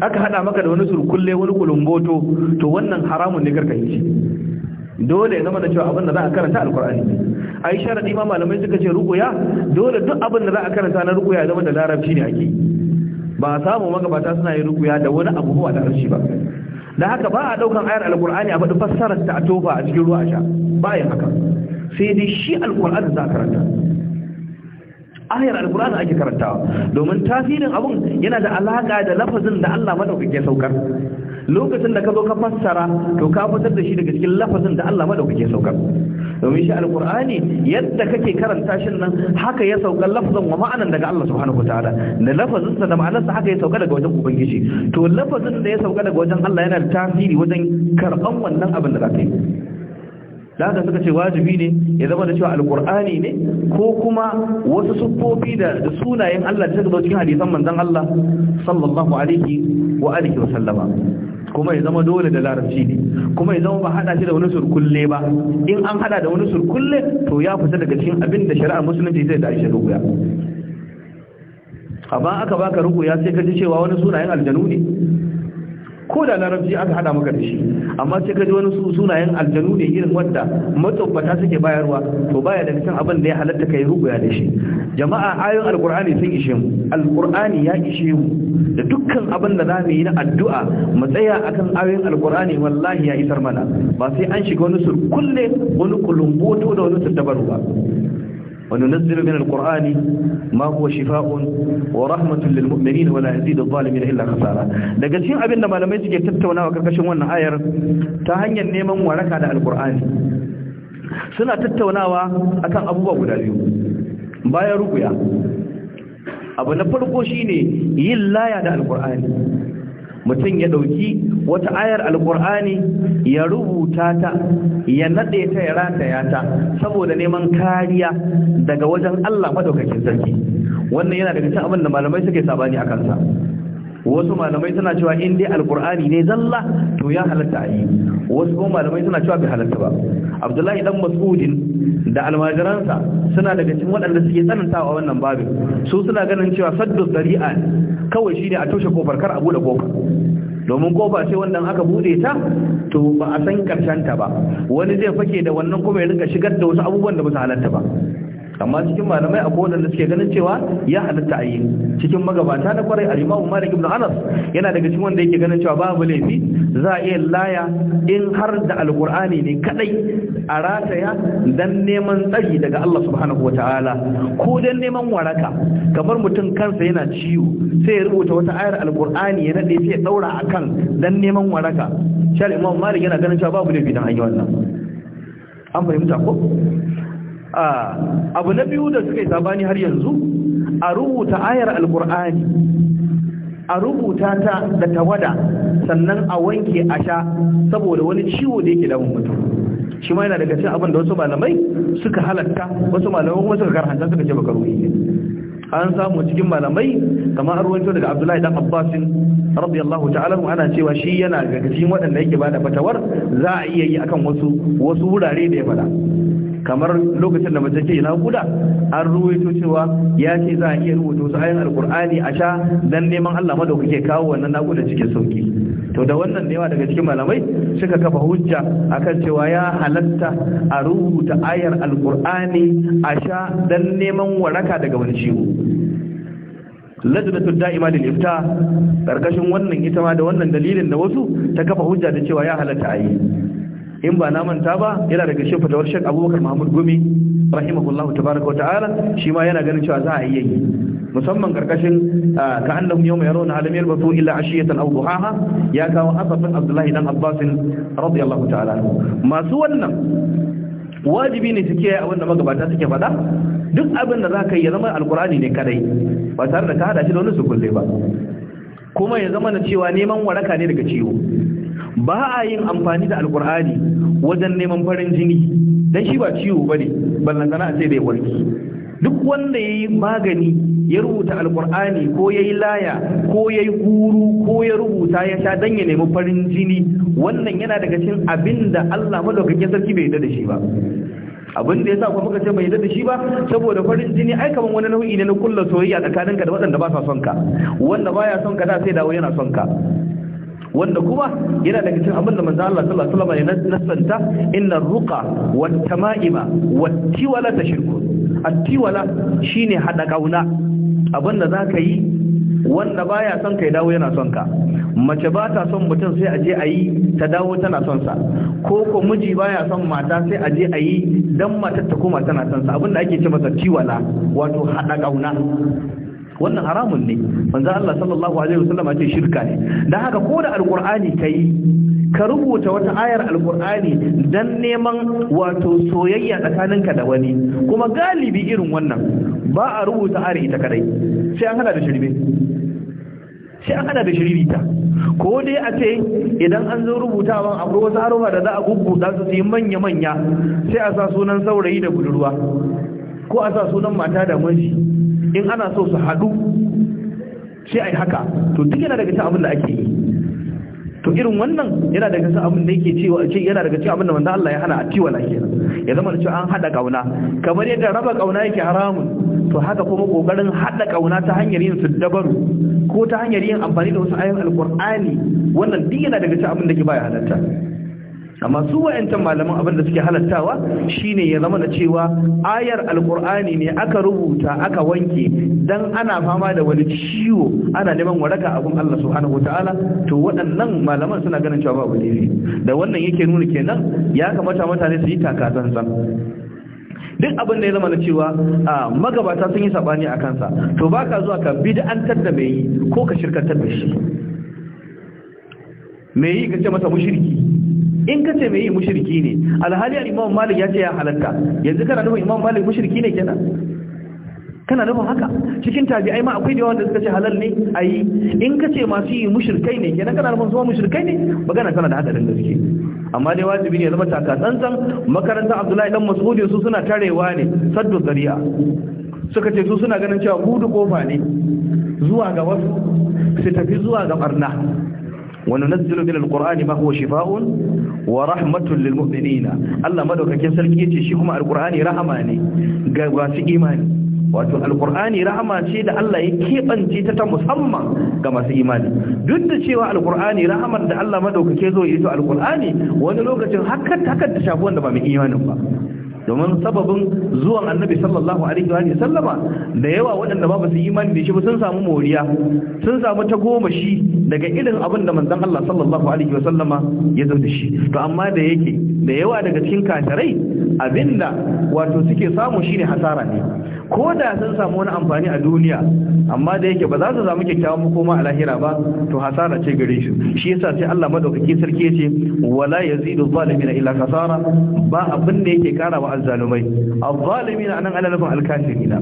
aka hada maka da wani surkulle wani kulumboto to wannan haramun ne karka yi dole ya zama da cewa abin da za a karanta alkur'ani ai sharadi ma malamai suka ce ruqya dole duk abin da za a karanta na ruqya ya zama da larabci ne ake ba a samu magabata suna yin rukuya da wani abu ba da harshe ba da haka ba a daukan ayar alkur'ani a faɗi fassarar ta a tofa a cikin ruwa a sha bayan haka sai dai shi alkur'ani za a karanta ayar alkur'ani ake karantawa domin tasirin abun yana da alaƙa da lafazin da Allah madaukake saukar lokacin da ka zo ka fassara to ka fitar da shi daga cikin lafazin da Allah madaukake saukar domin shi alqur'ani yadda kake karanta shi nan haka ya sauka lafazin wa ma'anan daga Allah subhanahu wataala da lafazin sa da ma'anar sa haka ya sauka daga wajen ubangiji to lafazin da ya sauka daga wajen Allah yana da tasiri wajen karban wannan abin da zaka yi da haka suka ce wajibi ne ya zama da cewa alkur'ani ne ko kuma wasu siffofi da sunayen Allah da suka zo cikin hadisan manzon Allah sallallahu alaihi wa alihi wa sallama kuma ya zama dole da larabci ne kuma ya zama ba hada shi da wani surkulle ba in an hada da wani surkulle to ya fita daga cikin abin da shari'ar musulunci zai da aisha rubuya amma aka baka rubuya sai ka ji cewa wani sunayen aljanu ne ko da larabci aka hada maka da shi amma sai kaji wani sunayen aljanu ne irin wanda matsabbata suke bayarwa to baya da cikin abin da ya halatta kai rubuya da shi jama'a ayoyin alqur'ani sun ishe mu alqur'ani ya ishe mu da dukkan abin da zamu yi na addu'a mu tsaya akan ayoyin alqur'ani wallahi ya isar mana ba sai an shiga wani kulle wani kulumboto da wani tattabaru ba Wani وننزل mako shifa'un wa هو شفاء ورحمة للمؤمنين da يزيد na illa kasara. daga cikin abin da malamai suke tattaunawa karkashin wannan ayar ta hanyar neman waraka da alkur'ani suna tattaunawa akan abubuwa guda biyu bayan rukuya abu na farko shine yin laya da alkur'ani mutum ya ɗauki wata ayar alkur'ani ya rubuta ta ya naɗe ta ya rataya ta saboda neman kariya daga wajen Allah madaukakin sarki wannan yana daga cin abin da malamai suke sabani a kansa wasu hmm. malamai suna cewa in dai alkur'ani ne zalla to ya halatta a yi wasu malamai suna cewa bai halatta ba abdullahi dan mas'udin da almajiransa suna daga cikin waɗanda suke tsananta a wannan babin su suna ganin cewa saddu zari'a kawai shine a toshe kofar kar a bude kofar domin kofa ce wannan aka bude ta to ba a san karshen ta ba wani zai fake da wannan kuma ya rinka shigar da wasu abubuwan da ba su halatta ba amma cikin malamai a akwai da suke ganin cewa ya halatta ayi cikin magabata na kwarai al Malik ibn Anas yana daga cikin wanda yake ganin cewa babu laifi za a iya laya in har da alkur'ani ne kadai a rataya dan neman tsari daga Allah subhanahu wataala ko dan neman waraka kamar mutum kansa yana ciwo sai ya rubuta wata ayar alkur'ani ya nade sai ya daura akan dan neman waraka shi Imam Malik yana ganin cewa babu laifi dan ayi wannan an fahimta ko abu na biyu da suka yi sabani har yanzu a rubuta ayar alkur'ani a rubuta ta da tawada sannan a wanke a sha saboda wani ciwo da yake damun mutum shi ma yana daga cin abin da wasu malamai suka halatta wasu malamai kuma suka karhanta suka ce baka ruhi an samu cikin malamai kamar an ruwanto daga abdullahi dan abbasin radiyallahu ta'ala ana cewa shi yana daga cikin waɗanda yake bada fatawar za a iya yi akan wasu wasu wurare da ya fada kamar lokacin da mace ke na kuda an ruwaito cewa ya ce za a iya rubuta wasu ayan alkur'ani a sha dan neman Allah da kuke kawo wannan nakuda cikin sauki to da wannan da yawa daga cikin malamai suka kafa hujja akan cewa ya halatta a rubuta ayar alkur'ani a sha dan neman waraka daga wani ciwo lajnatul da'ima lil ifta karkashin wannan ita ma da wannan dalilin da wasu ta kafa hujja da cewa ya halatta ayi in ba na manta ba yana daga shi fatawar shek abubakar mahmud gumi rahimahullahu tabaraka ta'ala shi ma yana ganin cewa za a iya yi musamman karkashin ah, ka annahum yawma yarawna alamiyal basu illa ashiyatan aw duhaha ya kawo asafin abdullahi dan abbas radiyallahu ta'ala masu wannan wajibi ne suke a da magabata suke faɗa duk abin da ka yi ya zama alkurani ne kadai ba tare da ka hada shi da wani sukulle ba kuma ya zama na cewa neman waraka ne daga ciwo ba a yin amfani da alkur'ani wajen neman farin jini dan shi ba ciwo ba ne ballantana a ce bai warki duk wanda ya yi magani ya rubuta alkur'ani ko ya yi laya ko ya yi guru ko ya rubuta ya sha dan ya nemi farin jini wannan yana daga cikin abinda Allah madaukakin sarki bai yarda da shi ba abin da ya sa kuma ce bai da shi ba saboda farin jini ai kaman wani nau'i ne na kulla soyayya tsakaninka da waɗanda ba sa son ka wanda baya son ka da sai dawo yana son ka wanda kuma yana daga cikin abin da manzo Allah sallallahu alaihi wasallam ya nasanta inna ruqa wat tama'ima wat tiwala tashirku at tiwala shine hada kauna abin da zaka yi wanda baya son kai dawo yana son ka mace ba ta son mutum sai a je a yi ta dawo tana son sa ko ko miji baya son mata sai a je a yi dan matar ta kuma tana son sa abin da ake ce masa tiwala wato hada kauna wannan haramun ne manzo Allah sallallahu alaihi wasallam ce shirka ne dan haka ko da alqur'ani kai ka rubuta wata ayar alqur'ani dan neman wato soyayya tsakaninka da wani kuma galibi irin wannan ba a rubuta ayar ita kadai sai an hada da shirbe sai an hada da ta ko dai a ce idan an zo rubutawa akwai wasu haruwa da za a za su yi manya-manya sai a sa sunan saurayi da budurwa ko a sa sunan mata da miji in ana so su haɗu sai a yi haka to duk yana daga cin abin da ake yi to irin wannan yana daga cikin abin da yake cewa ce yana daga cikin abin da manzo Allah ya hana a ciwa la kenan ya zama da cewa an hada kauna kamar yadda raba kauna yake haramun to haka kuma kokarin hada kauna ta hanyar yin siddabaru ko ta hanyar yin amfani da wasu ayoyin alqur'ani wannan duk yana daga cikin abin da ke baya halatta amma su wayancan malaman abin da suke halattawa shine ya zama da cewa ayar alkur'ani ne aka rubuta aka wanke dan ana fama da wani ciwo ana neman waraka a Allah subhanahu wataala to waɗannan malaman suna ganin cewa babu laifi da wannan yake nuna kenan ya kamata mutane su yi takatsantsan duk abin da ya zama na cewa a magabata sun yi sabani a kansa to baka zuwa ka bid'antar da mai yi ko ka shirkantar da shi mai yi ka ce masa mushriki in ka ce mai yi mushriki ne alhali imam malik ya ce ya halatta yanzu kana nufin imam malik mushriki ne kenan kana nufin haka cikin tabi'ai ma akwai da yawa suka ce halal ne ayi in ka ce masu yi mushrikai ne kenan kana nufin zuwa mushrikai ne magana kana da hadarin gaske amma dai wajibi ne zama taka tsantsan makaranta abdullahi dan mas'udi su suna tarewa ne saddu zariya suka ce su suna ganin cewa gudu kofa ne zuwa ga wasu su tafi zuwa ga barna وننزل من القرآن ما هو شفاء ورحمة للمؤمنين الله ما دوكا كسر كيتي شكما القرآن رحماني غاسي إيماني wato alkur'ani rahama ce da Allah ya keɓance ta ta musamman ga masu imani duk da cewa Alƙur'ani rahamar da Allah madaukake zo yi to alkur'ani wani lokacin hakan hakan ta shafi wanda ba mai imanin ba domin sababin zuwan annabi sallallahu alaihi wa sallama da yawa waɗanda ba su imani da shi ba sun samu moriya sun samu ta goma shi daga irin abin da manzon Allah sallallahu alaihi wa sallama ya zo da shi to amma da yake da yawa daga cikin kafirai abinda wato suke samu shine hasara ne ko da sun samu wani amfani a duniya amma da yake ba za su samu kyakkyawan makoma a lahira ba to hasara ce gare shi. shi yasa sai Allah madaukaki sarki yace wala yazidu zalimina illa kasara ba abin da yake kara wa azzalumai azzalimina anan ana nufin alkafirina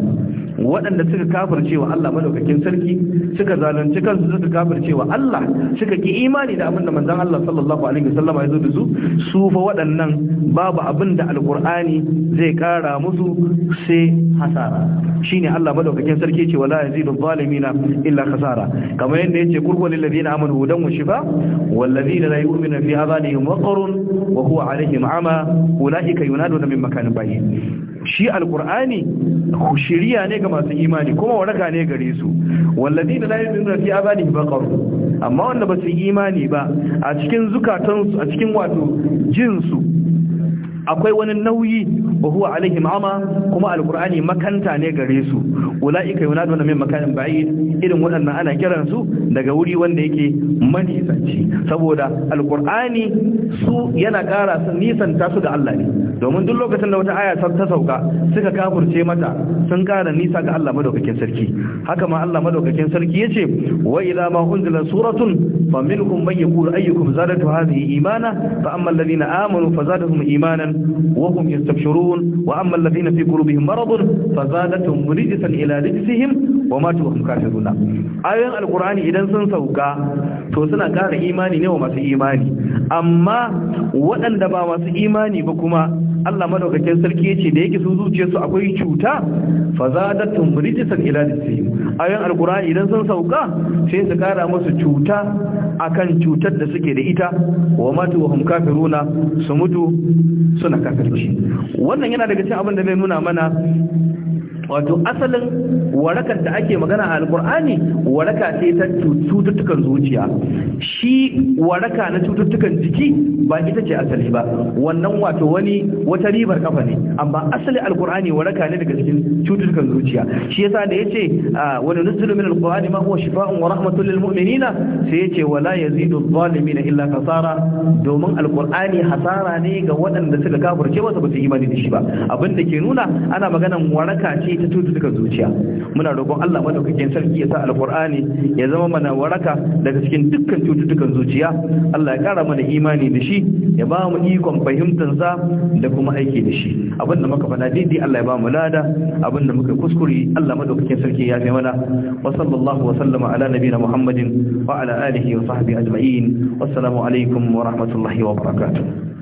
waɗanda suka kafirce wa Allah madaukakin sarki suka zalunci kansu suka kafirce wa Allah suka ki imani da abin da manzon Allah sallallahu alaihi wasallama ya zo da su su fa waɗannan babu abin da alqur'ani zai kara musu sai hasara hasara shine Allah madaukakin sarki ce wala yazidu zalimina illa khasara kamar yadda yace qurbu lil ladina amanu hudan wa shifa wal ladina la yu'minu fi adanihim waqrun wa huwa alaihim ama ulaika yunaduna min makanin bayi shi alqur'ani shiriya ne ga masu imani kuma waraka ne gare su wal ladina la yu'minu fi adanihim waqrun amma wanda ba su imani ba a cikin zukatansu a cikin wato jinsu akwai wani nauyi wa huwa kuma alkur'ani makanta ne gare su ulaika yunaduna min makanin ba'id irin waɗannan ana kiran su daga wuri wanda yake manisanci saboda Alƙur'ani su yana ƙara nisan nisanta su da Allah ne domin duk lokacin da wata aya ta sauka suka kafurce mata sun ƙara nisa ga Allah madaukakin sarki haka ma Allah madaukakin sarki yace wa idza ma unzila suratun faminhum man yaqulu ayyukum zadatu hadhihi imana fa amma alladhina amanu fazadatuhum imanan وهم يستبشرون وأما الذين في قلوبهم مرض فزادتهم رجسا إلى رجسهم وماتوا وهم كافرون آية القرآن إذا سنسوكا توسنا قال إيماني نوما في إيماني أما وأن دبا ما في إيماني بكما Allah madaukakin sarki yace da yake su su akwai cuta fazadatum rijsan ila dizihim ayan alqur'ani idan sun sauka sai su kara musu cuta akan cutar da suke da ita wa matu wa hum kafiruna su mutu suna kafirci wannan yana daga cikin abin da bai nuna mana wato asalin warakar da ake magana a alkur'ani waraka ce ta cututtukan zuciya shi waraka na cututtukan jiki ba ita ce asali ba wannan wato wani wata ribar kafa ne amma asali alkur'ani waraka ne daga cikin cututtukan zuciya shi yasa da yace ah, wani nuzulu min alkur'ani ma huwa shifaa'un wa rahmatun lil mu'minina sai yace wala yazidu adh-dhalimin illa khasara domin alkur'ani hasara ne ga waɗanda suka kafirce masa ba su imani da shi ba abin da ke nuna ana maganan waraka ce ta cututtuka zuciya muna roƙon Allah madaukakin sarki ya sa alqur'ani ya zama mana waraka daga cikin dukkan cututtukan zuciya Allah ya ƙara mana imani da shi ya ba mu ikon fahimtar sa da kuma aiki da shi abinda muka fada daidai Allah ya ba mu lada abinda muka kuskure Allah madaukakin sarki ya fi mana wa sallallahu wa sallama ala nabiyina Muhammadin wa ala alihi wa sahbihi ajma'in wassalamu alaikum wa rahmatullahi wa barakatuh